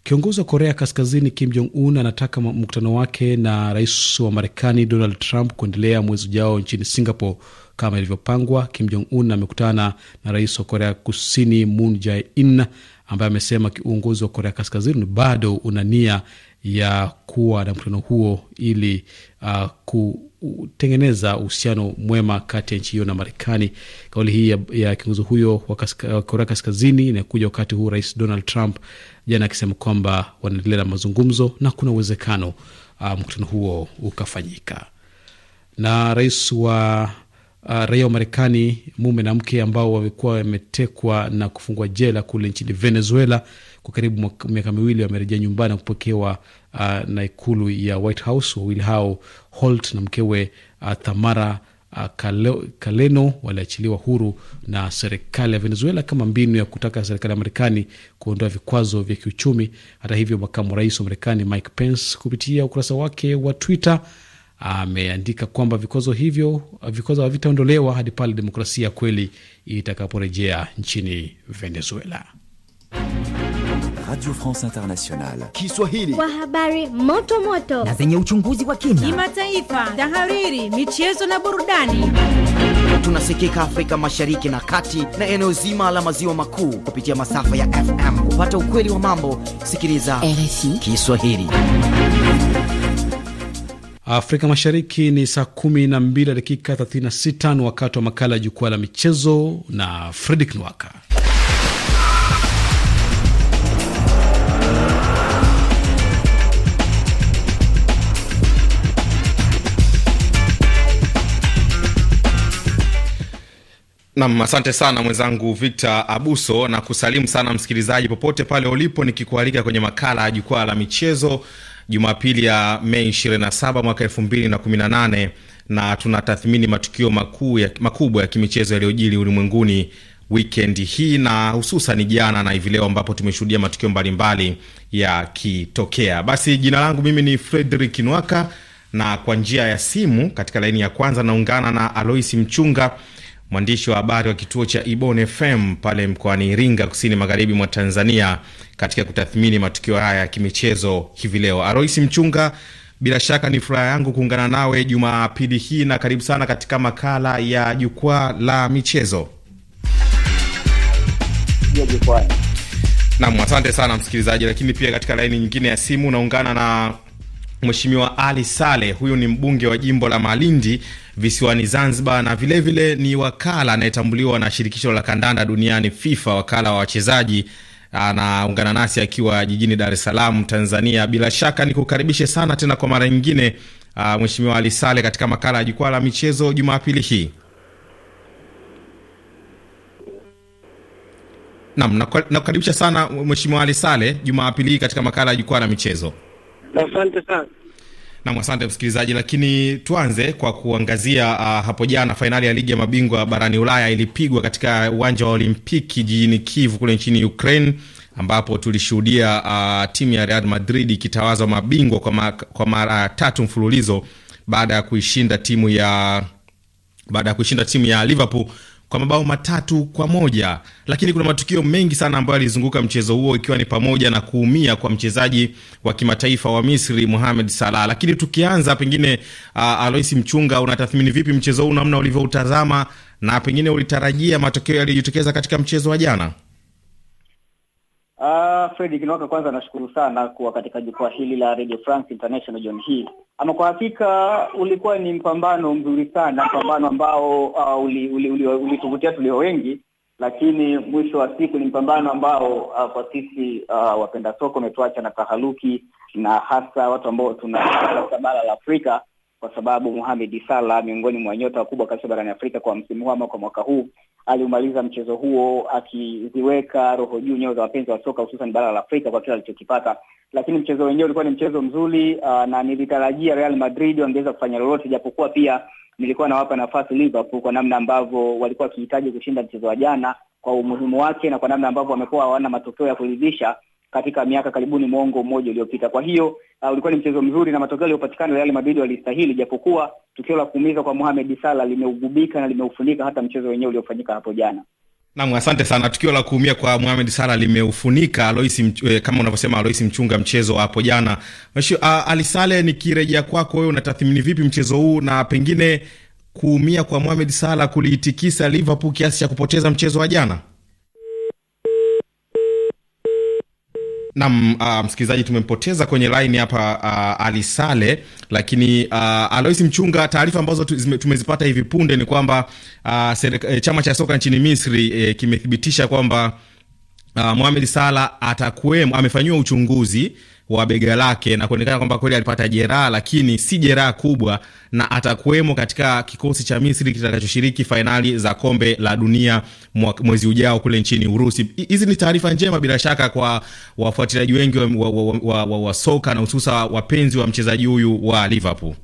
Kiongozi wa Korea Kaskazini Kim Jong Un anataka mkutano wake na rais wa Marekani Donald Trump kuendelea mwezi ujao nchini Singapore kama ilivyopangwa. Kim Jong Un amekutana na rais wa Korea Kusini Moon Jae-in ambaye amesema uongozi wa Korea Kaskazini bado una nia ya kuwa na mkutano huo ili uh, kutengeneza uhusiano mwema kati ya nchi hiyo na Marekani. Kauli hii ya, ya kiongozi huyo wa Korea Kaskazini inakuja wakati huu Rais Donald Trump jana akisema kwamba wanaendelea na mazungumzo na kuna uwezekano uh, mkutano huo ukafanyika. Na rais wa Uh, raia wa Marekani mume na mke ambao wamekuwa wametekwa na kufungwa jela kule nchini Venezuela kwa karibu miaka miwili wamerejea nyumbani na kupokewa uh, na ikulu ya White House. Wawili hao Holt na mkewe uh, Thamara uh, Kaleno, Kaleno waliachiliwa huru na serikali ya Venezuela kama mbinu ya kutaka serikali ya Marekani kuondoa vikwazo vya kiuchumi. Hata hivyo, makamu rais wa Marekani Mike Pence kupitia ukurasa wake wa Twitter ameandika kwamba vikwazo hivyo vikwazo havitaondolewa hadi pale demokrasia kweli itakaporejea nchini Venezuela. Radio France Internationale Kiswahili kwa habari moto moto na zenye uchunguzi wa kina, kimataifa, tahariri, michezo na burudani. Tunasikika Afrika Mashariki na Kati na eneo zima la maziwa makuu kupitia masafa ya FM. Kupata ukweli wa mambo, sikiliza RFI Kiswahili. Afrika Mashariki ni saa kumi na mbili dakika 36 ni wakati wa makala ya jukwaa la michezo na Fredrick Nwaka. Nam, asante sana mwenzangu Victor Abuso, na kusalimu sana msikilizaji popote pale ulipo, nikikualika kwenye makala ya jukwaa la michezo Jumapili ya Mei 27 mwaka 2018, na tunatathmini matukio makuu ya, makubwa ya kimichezo yaliyojiri ulimwenguni wikendi hii na hususan jana na hivi leo ambapo tumeshuhudia matukio mbalimbali yakitokea. Basi jina langu mimi ni Fredrick Nwaka, na kwa njia ya simu katika laini ya kwanza naungana na Alois Mchunga mwandishi wa habari wa kituo cha Ibon FM pale mkoani Iringa, kusini magharibi mwa Tanzania, katika kutathmini matukio haya ya kimichezo hivi leo. Aroisi Mchunga, bila shaka ni furaha yangu kuungana nawe Jumapili hii na karibu sana katika makala ya jukwaa la michezo. Nam, asante sana msikilizaji. Lakini pia katika laini nyingine ya simu unaungana na Mheshimiwa Ali Sale, huyu ni mbunge wa jimbo la Malindi visiwani Zanzibar, na vilevile vile ni wakala anayetambuliwa na shirikisho la kandanda duniani FIFA, wakala wa wachezaji anaungana nasi akiwa jijini Dar es Salaam, Tanzania. Bila shaka nikukaribishe sana tena kwa mara nyingine, uh, Mheshimiwa Ali Sale katika makala ya jukwaa la michezo Jumapili hii. Nam, nakukaribisha sana Mheshimiwa Ali Sale Jumapili hii katika makala ya jukwaa la michezo. Asante sana. Nam, asante msikilizaji, lakini tuanze kwa kuangazia uh, hapo jana fainali ya ligi ya mabingwa barani Ulaya ilipigwa katika uwanja wa Olimpiki jijini Kiev kule nchini Ukraine ambapo tulishuhudia uh, timu ya Real Madrid ikitawazwa mabingwa kwa, ma, uh, tatu mfululizo baada ya kuishinda timu ya baada ya kuishinda timu ya Liverpool kwa mabao matatu kwa moja, lakini kuna matukio mengi sana ambayo yalizunguka mchezo huo ikiwa ni pamoja na kuumia kwa mchezaji wa kimataifa wa Misri Mohamed Salah. Lakini tukianza pengine, uh, Alois Mchunga, unatathmini vipi mchezo huu, namna ulivyoutazama na pengine ulitarajia matokeo yaliyojitokeza katika mchezo wa jana? Uh, ah, Fredi Kinoka, kwanza nashukuru sana kuwa katika jukwaa hili la Radio France International John hii. Ama kwa hakika ulikuwa ni mpambano mzuri sana, mpambano ambao uh, ah, ulituvutia uli, uli, uli tulio wengi, lakini mwisho wa siku ni mpambano ambao uh, kwa sisi uh, wapenda soka umetuacha na taharuki, na hasa watu ambao tuna bara la Afrika kwa sababu Mohamed Salah miongoni mwa nyota wakubwa kabisa barani Afrika kwa msimu huu ama kwa mwaka huu aliumaliza mchezo huo akiziweka roho juu nyoyo za wapenzi wa soka hususan bara la Afrika kwa kile alichokipata. Lakini mchezo wenyewe ulikuwa ni mchezo mzuri uh, na nilitarajia Real Madrid wangeweza kufanya lolote, japokuwa pia nilikuwa nawapa nafasi Liverpool kwa namna ambavyo walikuwa wakihitaji kushinda mchezo wa jana kwa umuhimu wake na kwa namna ambavyo wamekuwa hawana matokeo ya kuridhisha katika miaka karibuni mwongo mmoja uliopita. Kwa hiyo uh, ulikuwa ni mchezo mzuri na matokeo yaliyopatikana Real Madrid walistahili, japokuwa tukio la kuumiza kwa Mohamed Salah limeugubika na limeufunika hata mchezo wenyewe uliofanyika hapo jana. Naam, asante sana. Tukio la kuumia kwa Mohamed Salah limeufunika Alois, mch eh, kama unavyosema Alois Mchunga, mchezo hapo jana. Uh, Ali Saleh, nikirejea kwako wewe, unatathmini vipi mchezo huu na pengine kuumia kwa Mohamed Salah kuliitikisa Liverpool kiasi cha kupoteza mchezo wa jana? Nam mm, uh, ah, msikilizaji tumempoteza kwenye laini hapa uh, Ali Sale, lakini uh, ah, Alois Mchunga, taarifa ambazo tumezipata hivi punde ni kwamba uh, serika, eh, chama cha soka nchini Misri eh, kimethibitisha kwamba uh, Mohamed Salah atakuwemo, amefanyiwa uchunguzi wa bega lake na kuonekana kwamba kweli alipata jeraha, lakini si jeraha kubwa, na atakuwemo katika kikosi cha Misri kitakachoshiriki fainali za kombe la dunia mwezi ujao kule nchini Urusi. Hizi ni taarifa njema bila shaka kwa wafuatiliaji wengi wa, wa, wa, wa, wa, wa soka na hususa wapenzi wa mchezaji huyu wa Liverpool.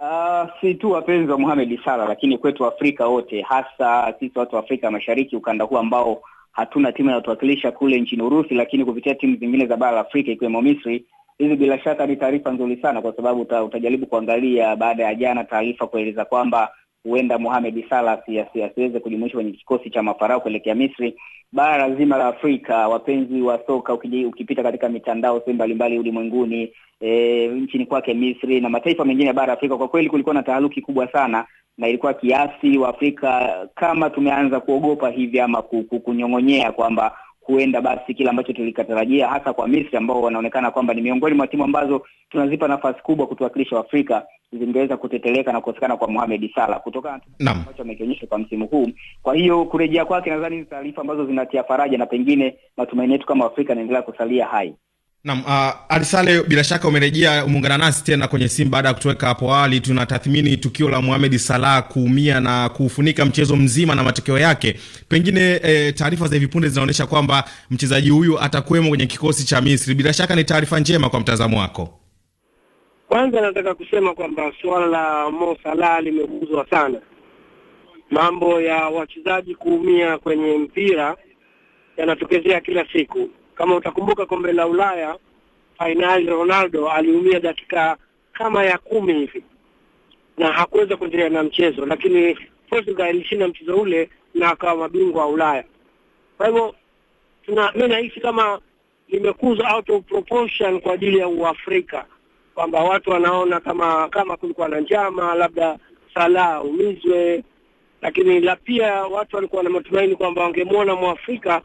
Uh, si tu wapenzi wa Mohamed Salah, lakini kwetu Afrika wote, hasa sisi watu wa Afrika Mashariki, ukanda huu ambao hatuna timu inayotuwakilisha kule nchini Urusi, lakini kupitia timu zingine za bara la Afrika ikiwemo Misri. Hizi bila shaka ni taarifa nzuri sana, kwa sababu utajaribu kuangalia baada ya jana taarifa kueleza kwamba huenda Mohamed Salah asiweze kujumuishwa kwenye kikosi cha mafarao kuelekea Misri. Bara zima la Afrika, wapenzi wa soka, ukipita katika mitandao sehemu mbalimbali ulimwenguni, e, nchini kwake Misri na mataifa mengine ya bara Afrika, kwa kweli kulikuwa na taharuki kubwa sana, na ilikuwa kiasi wa Afrika kama tumeanza kuogopa hivi ama kunyong'onyea kwamba huenda basi kile ambacho tulikatarajia hasa kwa Misri ambao wanaonekana kwamba ni miongoni mwa timu ambazo tunazipa nafasi kubwa kutuwakilisha Afrika zingeweza kuteteleka na kukosekana kwa Mohamed Salah kutokana na ambacho amekionyesha kwa msimu huu. Kwa hiyo kurejea kwake nadhani ni taarifa ambazo zinatia faraja na pengine matumaini yetu kama Afrika anaendelea kusalia hai. Naam, uh, Alisale, bila shaka umerejea, umeungana nasi tena kwenye simu baada ya kutoweka hapo awali. Tunatathmini tukio la Mohamed Salah kuumia na kufunika mchezo mzima na matokeo yake. Pengine eh, taarifa za hivi punde zinaonyesha kwamba mchezaji huyu atakuwemo kwenye kikosi cha Misri. Bila shaka ni taarifa njema kwa mtazamo wako. Kwanza nataka kusema kwamba suala la Mo Salah limeguzwa sana. Mambo ya wachezaji kuumia kwenye mpira yanatokezea kila siku kama utakumbuka kombe la Ulaya fainali, Ronaldo aliumia dakika kama ya kumi hivi na hakuweza kuendelea na mchezo, lakini Portugal ilishinda mchezo ule na akawa mabingwa wa Ulaya. Kwa hivyo tuna mimi nahisi kama limekuzwa out of proportion kwa ajili ya Uafrika, kwamba watu wanaona kama kama kulikuwa na njama labda Salah umizwe, lakini la pia watu walikuwa na matumaini kwamba wangemwona Mwafrika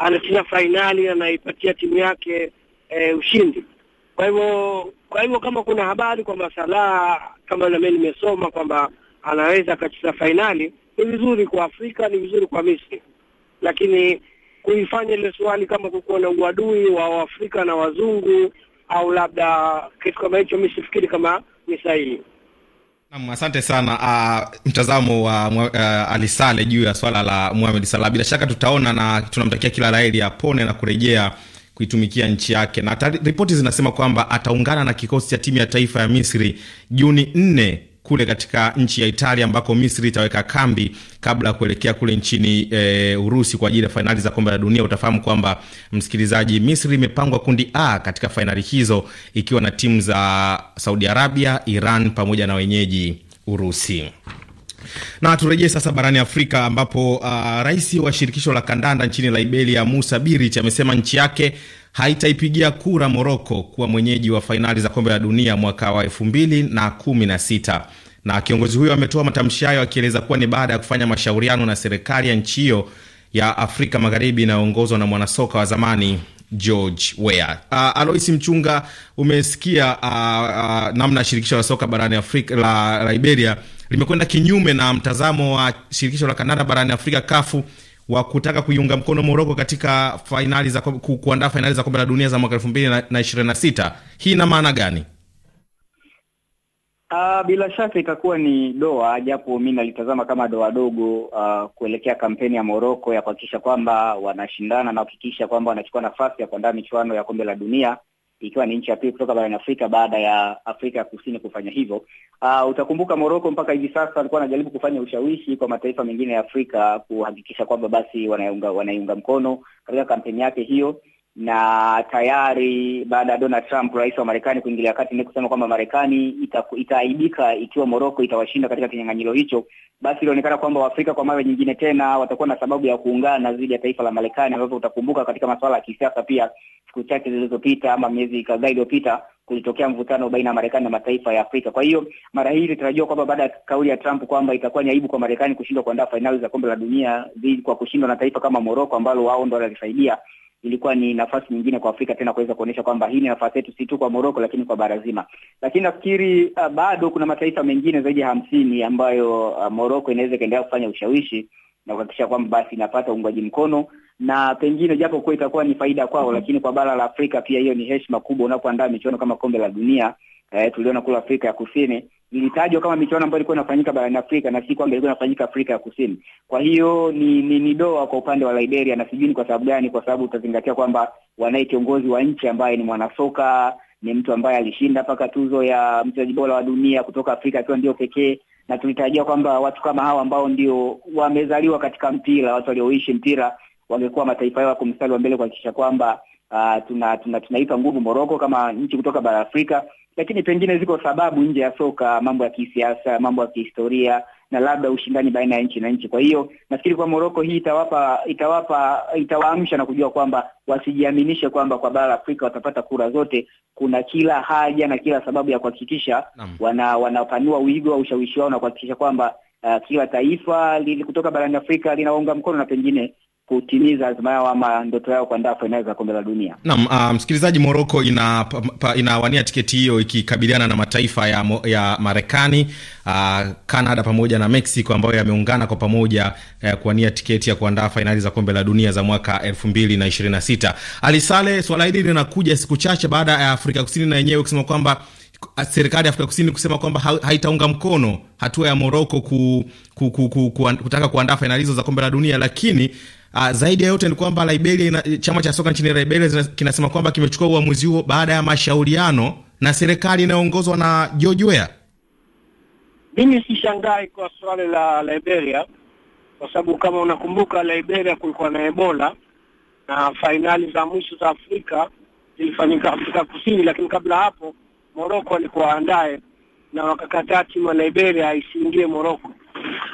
anacheza fainali anaipatia timu yake e, ushindi. Kwa hivyo kwa hivyo kama kuna habari kwamba Salah kama mimi nimesoma kwamba anaweza akacheza fainali, ni vizuri kwa Afrika, ni vizuri kwa Misri, lakini kuifanya ile swali kama kukuwa na uadui wa Waafrika na wazungu au labda kitu kama hicho, mimi sifikiri kama ni sahihi. Nam, asante sana. Uh, mtazamo wa uh, ah, Alisale juu ya swala la muhamed Salah, bila shaka tutaona na tunamtakia kila laheri, apone na kurejea kuitumikia nchi yake, na ripoti zinasema kwamba ataungana na kikosi cha timu ya taifa ya Misri Juni nne kule katika nchi ya Italia ambako Misri itaweka kambi kabla ya kuelekea kule nchini e, Urusi kwa ajili ya fainali za kombe la dunia. Utafahamu kwamba msikilizaji, Misri imepangwa kundi A katika fainali hizo ikiwa na timu za Saudi Arabia, Iran pamoja na wenyeji Urusi. Na turejee sasa barani Afrika ambapo uh, rais wa shirikisho la kandanda nchini Liberia Musa Birich amesema nchi yake haitaipigia kura Moroko kuwa mwenyeji wa fainali za kombe la dunia mwaka wa elfu mbili na kumi na sita na kiongozi huyo ametoa matamshi hayo akieleza kuwa ni baada ya kufanya mashauriano na serikali ya nchi hiyo ya Afrika Magharibi inayoongozwa na mwanasoka wa zamani George Weah. Uh, Alois Mchunga, umesikia uh, uh, namna shirikisho la soka barani Afrika la, la Liberia limekwenda kinyume na mtazamo wa shirikisho la Kanada barani Afrika kafu wa kutaka kuiunga mkono Moroko katika fainali za kuandaa fainali za kombe la dunia za mwaka elfu mbili na ishirini na sita. Hii ina maana gani? Uh, bila shaka itakuwa ni doa, japo mi nalitazama kama doa dogo uh, kuelekea kampeni ya moroko ya kuhakikisha kwamba wanashindana na kuhakikisha kwamba wanachukua nafasi ya kuandaa michuano ya kombe la dunia ikiwa ni nchi ya pili kutoka barani Afrika baada ya Afrika ya Kusini kufanya hivyo. Uh, utakumbuka moroko mpaka hivi sasa alikuwa anajaribu kufanya ushawishi kwa mataifa mengine ya Afrika kuhakikisha kwamba basi wanaiunga wanaiunga mkono katika kampeni yake hiyo na tayari baada ya Donald Trump, rais wa Marekani, kuingilia kati ni kusema kwamba Marekani itaaibika ikiwa Morocco itawashinda katika kinyang'anyiro hicho, basi ilionekana kwamba Waafrika kwa mara nyingine tena watakuwa na sababu ya kuungana dhidi ya taifa la Marekani, ambapo utakumbuka katika masuala ya kisiasa pia siku chache zilizopita ama miezi kadhaa iliyopita kulitokea mvutano baina ya Marekani na mataifa ya Afrika. Kwa hiyo mara hii ilitarajiwa kwamba baada ya kauli ya Trump kwamba itakuwa ni aibu kwa Marekani kushindwa kuandaa fainali za kombe la dunia kwa kushindwa na taifa kama Morocco ambalo wao ndo wanalisaidia ilikuwa ni nafasi nyingine kwa Afrika tena kuweza kuonyesha kwamba hii ni nafasi yetu si tu kwa Morocco, lakini kwa bara zima. Lakini nafikiri uh, bado kuna mataifa mengine zaidi ya hamsini ambayo uh, Morocco inaweza ikaendelea kufanya ushawishi na kuhakikisha kwamba basi inapata uungwaji mkono na pengine japo kuwa itakuwa ni faida kwao, mm -hmm. Lakini kwa bara la Afrika pia hiyo ni heshima kubwa unapoandaa michuano kama kombe la dunia. Eh, tuliona kule Afrika ya Kusini ilitajwa kama michuano ambayo ilikuwa inafanyika barani Afrika na si kwamba ilikuwa inafanyika Afrika ya Kusini. Kwa hiyo ni, ni, ni doa kwa upande wa Liberia na sijui ni kwa sababu gani, kwa sababu utazingatia kwamba wanaye kiongozi wa nchi ambaye ni mwanasoka, ni mtu ambaye alishinda mpaka tuzo ya mchezaji bora wa dunia kutoka Afrika akiwa ndio pekee, na tulitarajia kwamba watu kama hawa ambao ndio wamezaliwa katika mpira, watu walioishi mpira, wangekuwa mataifa yao yako mstari wa mbele kuhakikisha kwamba uh, ah, tunaipa tuna, tuna, tuna nguvu Moroko kama nchi kutoka bara Afrika lakini pengine ziko sababu nje ya soka, mambo ya kisiasa, mambo ya kihistoria na labda ushindani baina ya nchi na nchi. Kwa hiyo nafikiri kwa moroko hii itawapa itawapa itawaamsha na kujua kwamba wasijiaminishe kwamba kwa bara la Afrika watapata kura zote. Kuna kila haja na kila sababu ya kuhakikisha wana wanapanua wigo wa ushawishi wao na kuhakikisha kwamba uh, kila taifa kutoka barani Afrika linawaunga mkono na pengine kutimiza azma yao ama ndoto yao kuandaa fainali za kombe la dunia. Naam, ah, msikilizaji, um, Moroko ina inawania tiketi hiyo ikikabiliana na mataifa ya, ya Marekani, Kanada ah, uh, pamoja na Mexico ambayo yameungana kwa pamoja uh, kuwania tiketi ya kuandaa fainali za kombe la dunia za mwaka elfu mbili na ishirini na sita. Alisale, swala hili linakuja siku chache baada ya Afrika Kusini na yenyewe kusema kwamba serikali ya Afrika Kusini kusema kwamba haitaunga mkono hatua ya Moroko ku, ku, ku, ku, ku, kutaka kuandaa fainali hizo za kombe la dunia, lakini Uh, zaidi ya yote ni kwamba Liberia ina, chama cha soka nchini Liberia kinasema kwamba kimechukua uamuzi huo baada ya mashauriano na serikali inayoongozwa na George Weah. Mimi sishangai kwa swala la Liberia kwa sababu kama unakumbuka, Liberia kulikuwa na Ebola na fainali za mwisho za Afrika zilifanyika Afrika Kusini, lakini kabla hapo Morocco alikuwa andaye na wakakataa timu ya Liberia isiingie Morocco,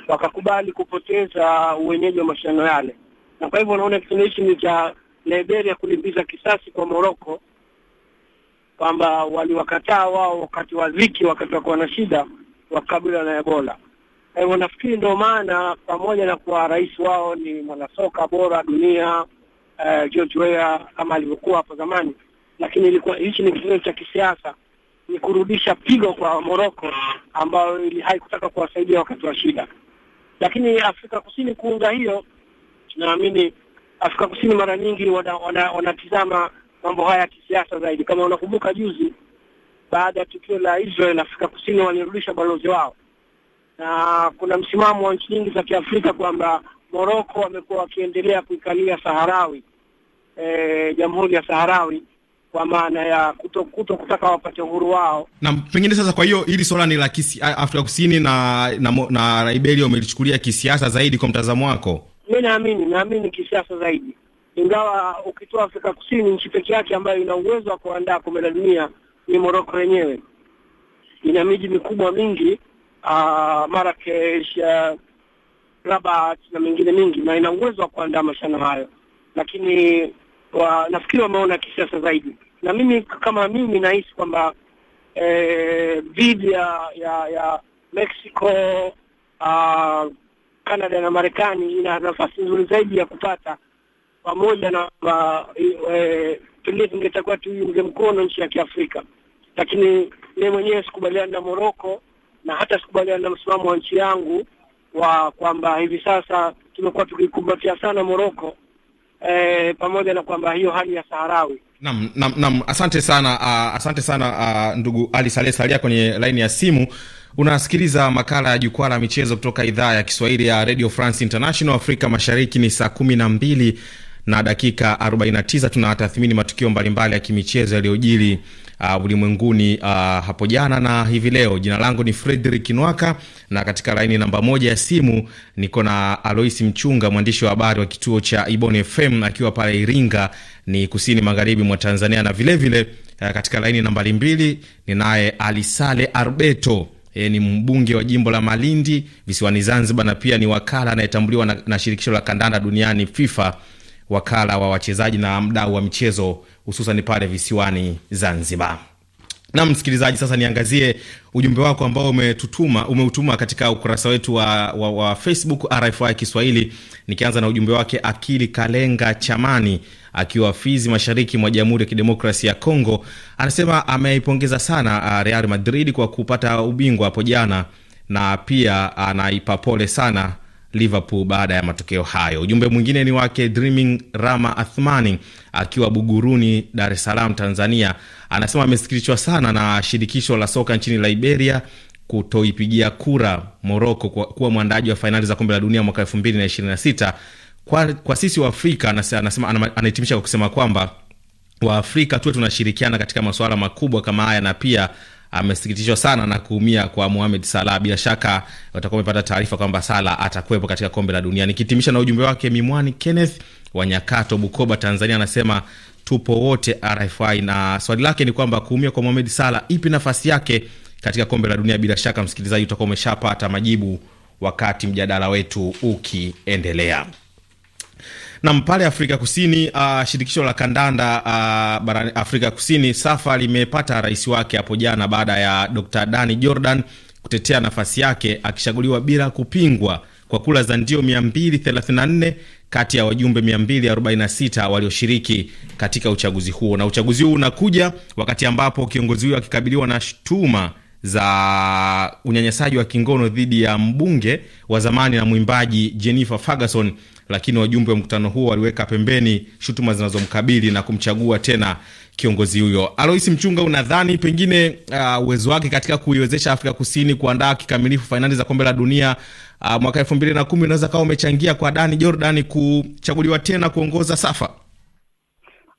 wakakubali kupoteza uwenyeji wa mashindano yale na kwa hivyo naona explanation cha Liberia kulipiza kisasi kwa Morocco kwamba waliwakataa wao wakati wa ziki, wakati wakuwa na shida wakabiliwa na Ebola. Kwa hivyo nafikiri ndio maana pamoja na kuwa rais wao ni mwanasoka bora dunia eh, George Weah kama alivyokuwa hapo zamani, lakini ilikuwa hichi ni kitendo cha kisiasa, ni kurudisha pigo kwa Morocco ambayo haikutaka kuwasaidia wakati wa shida, lakini Afrika Kusini kuunga hiyo tunaamini Afrika Kusini mara nyingi wanatizama wana, wana mambo haya ya kisiasa zaidi. Kama unakumbuka juzi, baada ya tukio la Israel, Afrika Kusini walirudisha balozi wao, na kuna msimamo wa nchi nyingi za Kiafrika kwamba Morocco wamekuwa wakiendelea kuikalia Saharawi, e, jamhuri ya Saharawi kwa maana ya kuto, kuto kutaka wapate uhuru wao. Na pengine sasa, kwa hiyo hili swala ni la Afrika Kusini na, na, na Liberia wamelichukulia kisiasa zaidi kwa mtazamo wako? mi naamini naamini kisiasa zaidi, ingawa ukitoa Afrika Kusini, nchi peke yake ambayo ina uwezo wa kuandaa kombe la dunia ni Moroko yenyewe. Ina miji mikubwa mingi, uh, Marrakesh, ah, Rabat na mingine mingi, na ina uwezo wa kuandaa mashano hayo, lakini wa, nafikiri wameona kisiasa zaidi, na mimi kama mimi nahisi kwamba eh, dhidi eh, ya ya ya Mexico uh, Canada na Marekani ina nafasi nzuri zaidi ya kupata, pamoja na kwamba e, pengine tungetakiwa tuunge mkono nchi ya Kiafrika, lakini mimi mwenyewe sikubaliana na Morocco na hata sikubaliana na msimamo wa nchi yangu wa kwamba hivi sasa tumekuwa tukikumbatia sana Morocco e, pamoja na kwamba hiyo hali ya Saharawi Nam, nam, nam, asante sana uh, asante sana uh, ndugu Ali Saleh Salia kwenye laini ya simu. Unasikiliza makala ya jukwaa la michezo kutoka idhaa ya Kiswahili ya Radio France International. Afrika Mashariki ni saa kumi na mbili na dakika 49. Tunatathmini matukio mbalimbali ya kimichezo yaliyojiri uh, ulimwenguni uh, hapo jana na hivi leo. Jina langu ni Fredrick Nwaka na katika laini namba moja ya simu niko na Alois Mchunga, mwandishi wa habari wa kituo cha Ibon FM akiwa pale Iringa, ni kusini magharibi mwa Tanzania, na vilevile vile, uh, katika laini nambari mbili ninaye Alisale Arbeto e, ni mbunge wa jimbo la Malindi visiwani Zanzibar, na pia ni wakala anayetambuliwa na, na shirikisho la kandanda duniani FIFA, wakala wa wachezaji na mdau wa michezo hususan pale visiwani Zanzibar. Na msikilizaji, sasa niangazie ujumbe wako ambao umetutuma umeutuma katika ukurasa wetu wa, wa, wa Facebook RFI Kiswahili, nikianza na ujumbe wake Akili Kalenga Chamani akiwa Fizi, mashariki mwa Jamhuri ya Kidemokrasia ya Kongo. Anasema ameipongeza sana uh, Real Madrid kwa kupata ubingwa hapo jana, na pia anaipa pole sana Liverpool baada ya matokeo hayo. Ujumbe mwingine ni wake Dreaming Rama Athmani akiwa Buguruni, Dar es Salaam, Tanzania. Anasema amesikitishwa sana na shirikisho la soka nchini Liberia kutoipigia kura Moroko kuwa mwandaji wa fainali za kombe la dunia mwaka sita. Kwa, kwa sisi wa Afrika anasema, anahitimisha kwa kusema kwamba Waafrika tuwe tunashirikiana katika masuala makubwa kama haya na pia amesikitishwa sana na kuumia kwa Mohamed Salah. Bila shaka watakuwa wamepata taarifa kwamba Salah atakuwepo katika kombe la dunia. Nikihitimisha na ujumbe wake Mimwani Kenneth wa Nyakato, Bukoba, Tanzania, anasema tupo wote RFI, na swali lake ni kwamba kuumia kwa Mohamed Salah, ipi nafasi yake katika kombe la dunia? Bila shaka msikilizaji, utakuwa umeshapata majibu wakati mjadala wetu ukiendelea. Nam pale Afrika Kusini, uh, shirikisho la kandanda uh, barani Afrika Kusini SAFA limepata rais wake hapo jana baada ya Dr Dani Jordan kutetea nafasi yake akichaguliwa bila kupingwa kwa kula za ndio 234 kati ya wajumbe 246 walioshiriki katika uchaguzi huo. Na uchaguzi huu unakuja wakati ambapo kiongozi huyo akikabiliwa na shutuma za unyanyasaji wa kingono dhidi ya mbunge wa zamani na mwimbaji Jennifer Ferguson lakini wajumbe wa mkutano huo waliweka pembeni shutuma zinazomkabili na kumchagua tena kiongozi huyo. Alois Mchunga, unadhani pengine uh, uwezo uh, wake katika kuiwezesha Afrika Kusini kuandaa kikamilifu fainali za kombe la dunia uh, mwaka elfu mbili na kumi unaweza kawa umechangia kwa Dani Jordan kuchaguliwa tena kuongoza Safa?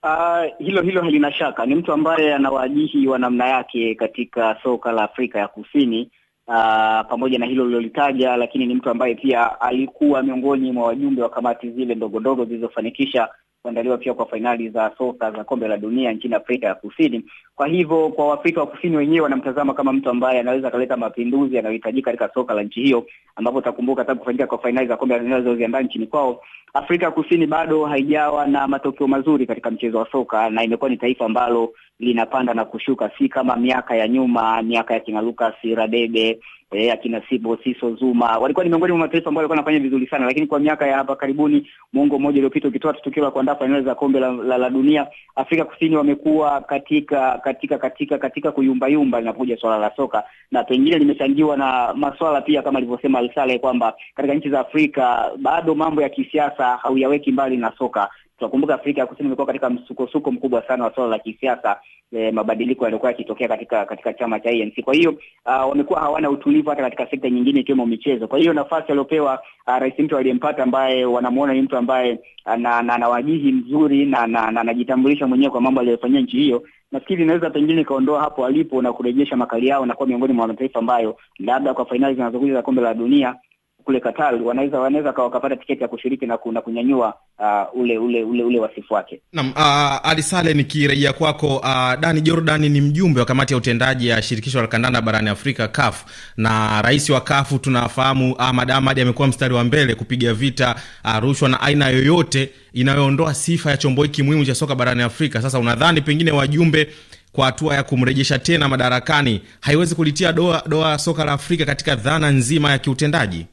Uh, hilo hilo halina shaka, ni mtu ambaye anawajihi wa namna yake katika soka la Afrika ya Kusini Uh, pamoja na hilo lilolitaja, lakini ni mtu ambaye pia alikuwa miongoni mwa wajumbe wa kamati zile ndogo ndogo zilizofanikisha kuandaliwa pia kwa fainali za soka za kombe la dunia nchini Afrika ya Kusini. Kwa hivyo kwa Waafrika wa Kusini wenyewe wanamtazama kama mtu ambaye anaweza akaleta mapinduzi yanayohitajika katika soka la nchi hiyo, ambapo utakumbuka tangu kufanyika kwa fainali za kombe la dunia zinazoziandaa nchini kwao, Afrika ya Kusini bado haijawa na matokeo mazuri katika mchezo wa soka na imekuwa ni taifa ambalo linapanda na kushuka, si kama miaka ya nyuma, miaka ya kina Lucas Radebe eh, akina Sibo Siso Zuma walikuwa ni miongoni mwa mataifa ambayo walikuwa wanafanya vizuri sana, lakini kwa miaka ya hapa karibuni, muongo mmoja uliopita, ukitoa tukio la kuandaa fainali za kombe la, la, la dunia, Afrika Kusini wamekuwa katika katika katika katika kuyumbayumba linapokuja swala la soka, na pengine limechangiwa na maswala pia kama alivyosema Alsale kwamba katika nchi za Afrika bado mambo ya kisiasa hauyaweki mbali na soka Tunakumbuka Afrika ya Kusini imekuwa katika msukosuko mkubwa sana wa suala la kisiasa, e, mabadiliko yaliyokuwa yakitokea katika katika chama cha ANC. Kwa hiyo uh, wamekuwa hawana utulivu hata katika sekta nyingine ikiwemo michezo. Kwa hiyo nafasi aliyopewa uh, rais mtu aliyempata ambaye wanamuona ni mtu ambaye ana na, na wajihi mzuri na anajitambulisha na, na, mwenyewe kwa mambo aliyofanyia nchi hiyo nafikiri inaweza pengine ikaondoa hapo alipo na kurejesha makali yao na kuwa miongoni mwa mataifa ambayo labda kwa fainali zinazokuja za kombe la dunia kule Qatar wanaweza wanaweza wakapata tiketi ya kushiriki na, kuna kunyanyua uh, ule ule ule ule wasifu wake. Naam, uh, Ali Saleh, nikirejea kwako uh, Dani Jordan ni mjumbe wa kamati ya utendaji ya shirikisho la kandanda barani Afrika CAF, na rais wa CAF tunafahamu Ahmad Ahmad amekuwa mstari wa mbele kupiga vita uh, rushwa na aina yoyote inayoondoa sifa ya chombo hiki muhimu cha soka barani Afrika. Sasa unadhani pengine wajumbe kwa hatua ya kumrejesha tena madarakani haiwezi kulitia doa, doa soka la Afrika katika dhana nzima ya kiutendaji?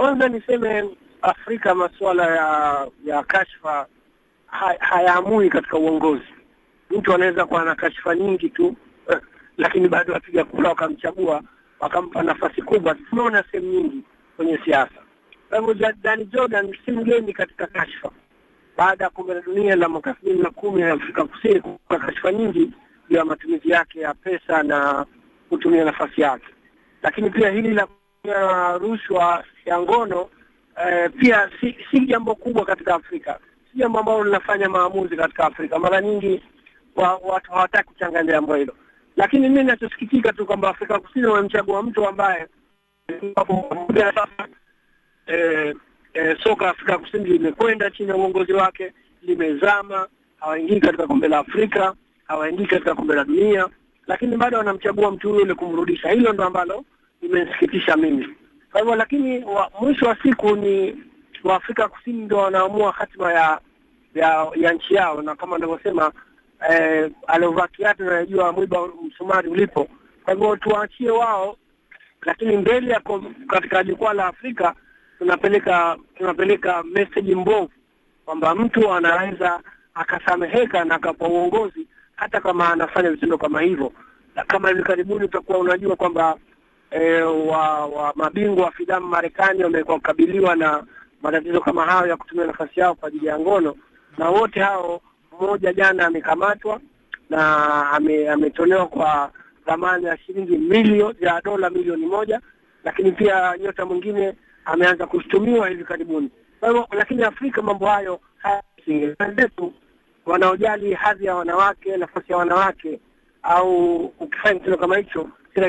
Kwanza niseme Afrika masuala ya ya kashfa hayaamui katika uongozi. Mtu anaweza kuwa na kashfa nyingi tu eh, lakini bado wapiga kura wakamchagua wakampa nafasi kubwa. Tumeona sehemu nyingi kwenye siasa. Kwa hivyo Dani Jordan si mgeni katika kashfa. Baada ya kombe la dunia la mwaka elfu mbili na kumi ya Afrika Kusini, kuna kashfa nyingi ya matumizi yake ya pesa na kutumia nafasi yake, lakini pia hili la ya rushwa ya ngono eh, pia si, si jambo kubwa katika Afrika, si jambo ambalo linafanya maamuzi katika Afrika. Mara nyingi wa, watu hawataki kuchanganya jambo hilo, lakini mimi ninachosikitika tu kwamba Afrika Kusini wamemchagua mtu ambaye muda sasa eh, eh, soka Afrika Kusini limekwenda chini ya uongozi wake, limezama, hawaingii katika kombe la Afrika, hawaingii katika kombe la dunia, lakini bado wanamchagua mtu yule kumrudisha. Hilo ndo ambalo imesikitisha mimi. Kwa hivyo lakini mwisho wa siku ni Waafrika Kusini ndio wanaamua hatima ya ya, ya nchi yao, na kama ninavyosema eh, aliovakiatu anajua mwiba msumari ulipo. Kwa hivyo tuwaachie wao, lakini mbele ya katika jukwaa la Afrika tunapeleka tunapeleka message mbovu kwamba mtu anaweza akasameheka na akapa uongozi hata kama anafanya vitendo kama hivyo. Kama hivi karibuni utakuwa unajua kwamba e, wa, wa mabingwa wa filamu Marekani wamekuwa wakabiliwa na matatizo kama hayo ya kutumia nafasi yao kwa ajili ya ngono, na wote hao, mmoja jana amekamatwa na ame, ametolewa kwa dhamani ya shilingi milioni ya dola milioni moja, lakini pia nyota mwingine ameanza kushutumiwa hivi karibuni. Kwa hivyo, lakini Afrika mambo hayo hayaetu wanaojali hadhi ya wanawake, nafasi ya wanawake, au ukifanya kitendo kama hicho kila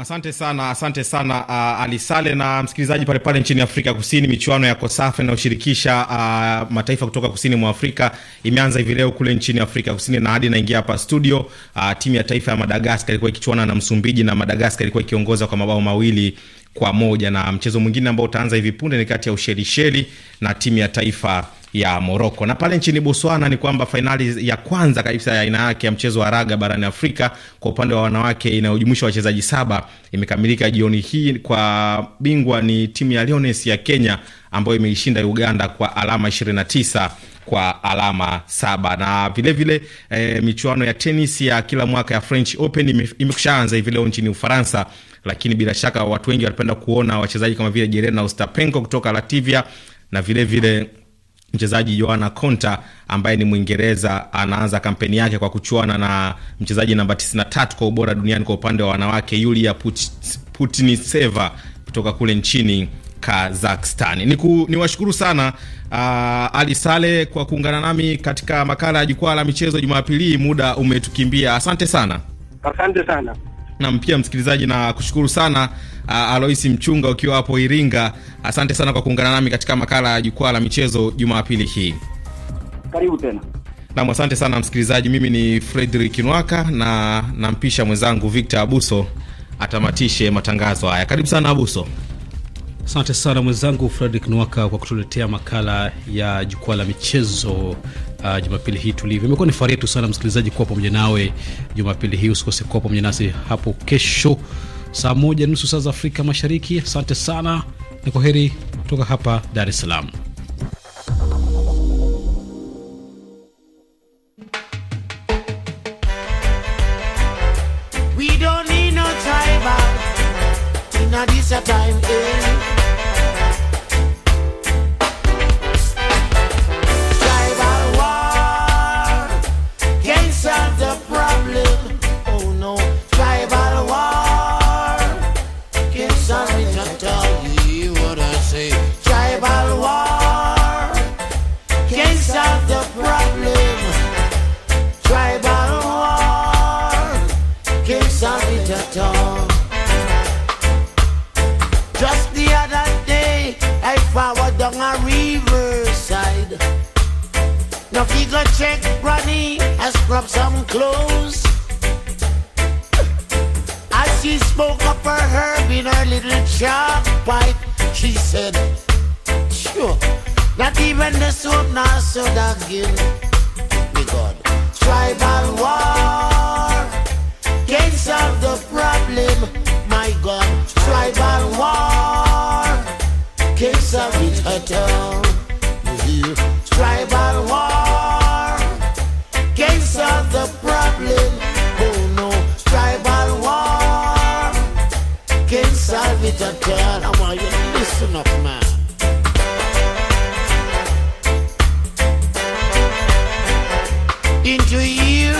Asante sana, asante sana uh, Alisale. Na msikilizaji pale pale nchini Afrika Kusini, michuano ya Kosafa inayoshirikisha uh, mataifa kutoka kusini mwa Afrika imeanza hivi leo kule nchini Afrika Kusini, na hadi naingia hapa studio uh, timu ya taifa ya Madagaskar ilikuwa ikichuana na Msumbiji na Madagaskar ilikuwa ikiongoza kwa mabao mawili kwa moja, na mchezo mwingine ambao utaanza hivi punde ni kati ya Ushelisheli na timu ya taifa ya Moroko. Na pale nchini Botswana ni kwamba fainali ya kwanza kabisa ya aina yake ya mchezo wa raga barani Afrika kwa upande wa wanawake inayojumuisha wachezaji saba imekamilika jioni hii kwa bingwa ni timu ya Lioness ya Kenya ambayo imeishinda Uganda kwa alama 29 kwa alama saba. Na vilevile vile, e, michuano ya tenis ya kila mwaka ya French Open anza hivi leo nchini Ufaransa, lakini bila shaka watu wengi wanapenda kuona wachezaji kama vile Jelena Ostapenko kutoka Latvia na vilevile vile, mchezaji Joana Konta ambaye ni Mwingereza anaanza kampeni yake kwa kuchuana na mchezaji namba 93 kwa ubora duniani kwa upande wa wanawake Yulia Put, Putniseva kutoka kule nchini Kazakhstan. Ni, ku, ni washukuru sana uh, Ali Sale kwa kuungana nami katika makala ya jukwaa la michezo Jumapili. Muda umetukimbia, asante sana, asante sana na mpia msikilizaji, na kushukuru sana uh, Aloisi Mchunga ukiwa hapo Iringa. Asante sana kwa kuungana nami katika makala ya jukwaa la michezo Jumapili hii. Karibu tena. Nam, asante sana msikilizaji. Mimi ni Fredrik Nwaka na nampisha mwenzangu Victor Abuso atamatishe matangazo haya. Karibu sana Abuso. Asante sana mwenzangu Fredrick Nwaka kwa kutuletea makala ya jukwaa la michezo uh, Jumapili hii tulivyo Imekuwa ni fahari yetu sana msikilizaji kuwa pamoja nawe Jumapili hii. Usikose kuwa pamoja nasi hapo kesho saa moja nusu saa za Afrika Mashariki. Asante sana na kwa heri kutoka hapa Dar es Salaam. Now figure go check Granny and scrub some clothes. As she spoke up her herb in her little chalk pipe, she said, Sure, not even the soap nor so gill. We got tribal war can solve the problem. My God, tribal war can solve it at all. You hear? that girl. I want you to listen up, man. Into you,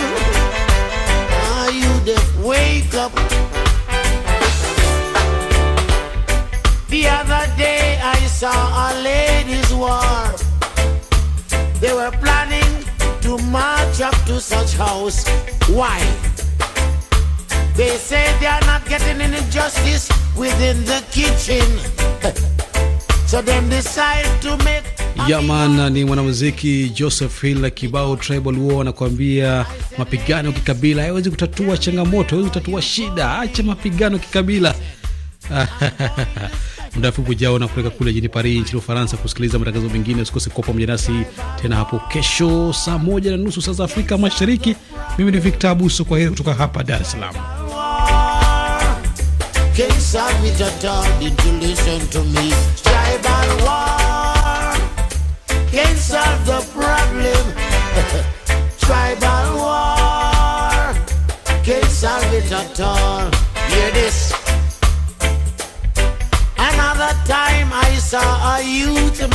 are you the wake up? The other day I saw a ladies' war. They were planning to march up to such house. Why? They say they are not getting any justice within the kitchen. So them decide to make Yaman ni mwanamuziki Joseph Hill, kibao tribal war, anakuambia mapigano kikabila hayawezi kutatua changamoto, hayawezi kutatua shida, acha mapigano kikabila. Muda mfupi ujao na kupeleka kule jijini Paris nchini Ufaransa kusikiliza matangazo mengine. Usikose kuwa pamoja nasi tena hapo kesho saa moja na nusu saa za Afrika Mashariki. Mimi ni Victor Abuso, kwa heri kutoka hapa Dar es Salaam. case of it at all, did you listen to me? Tribal war can't solve the problem. Tribal war can't solve it at all. Hear this. Another time I saw a youth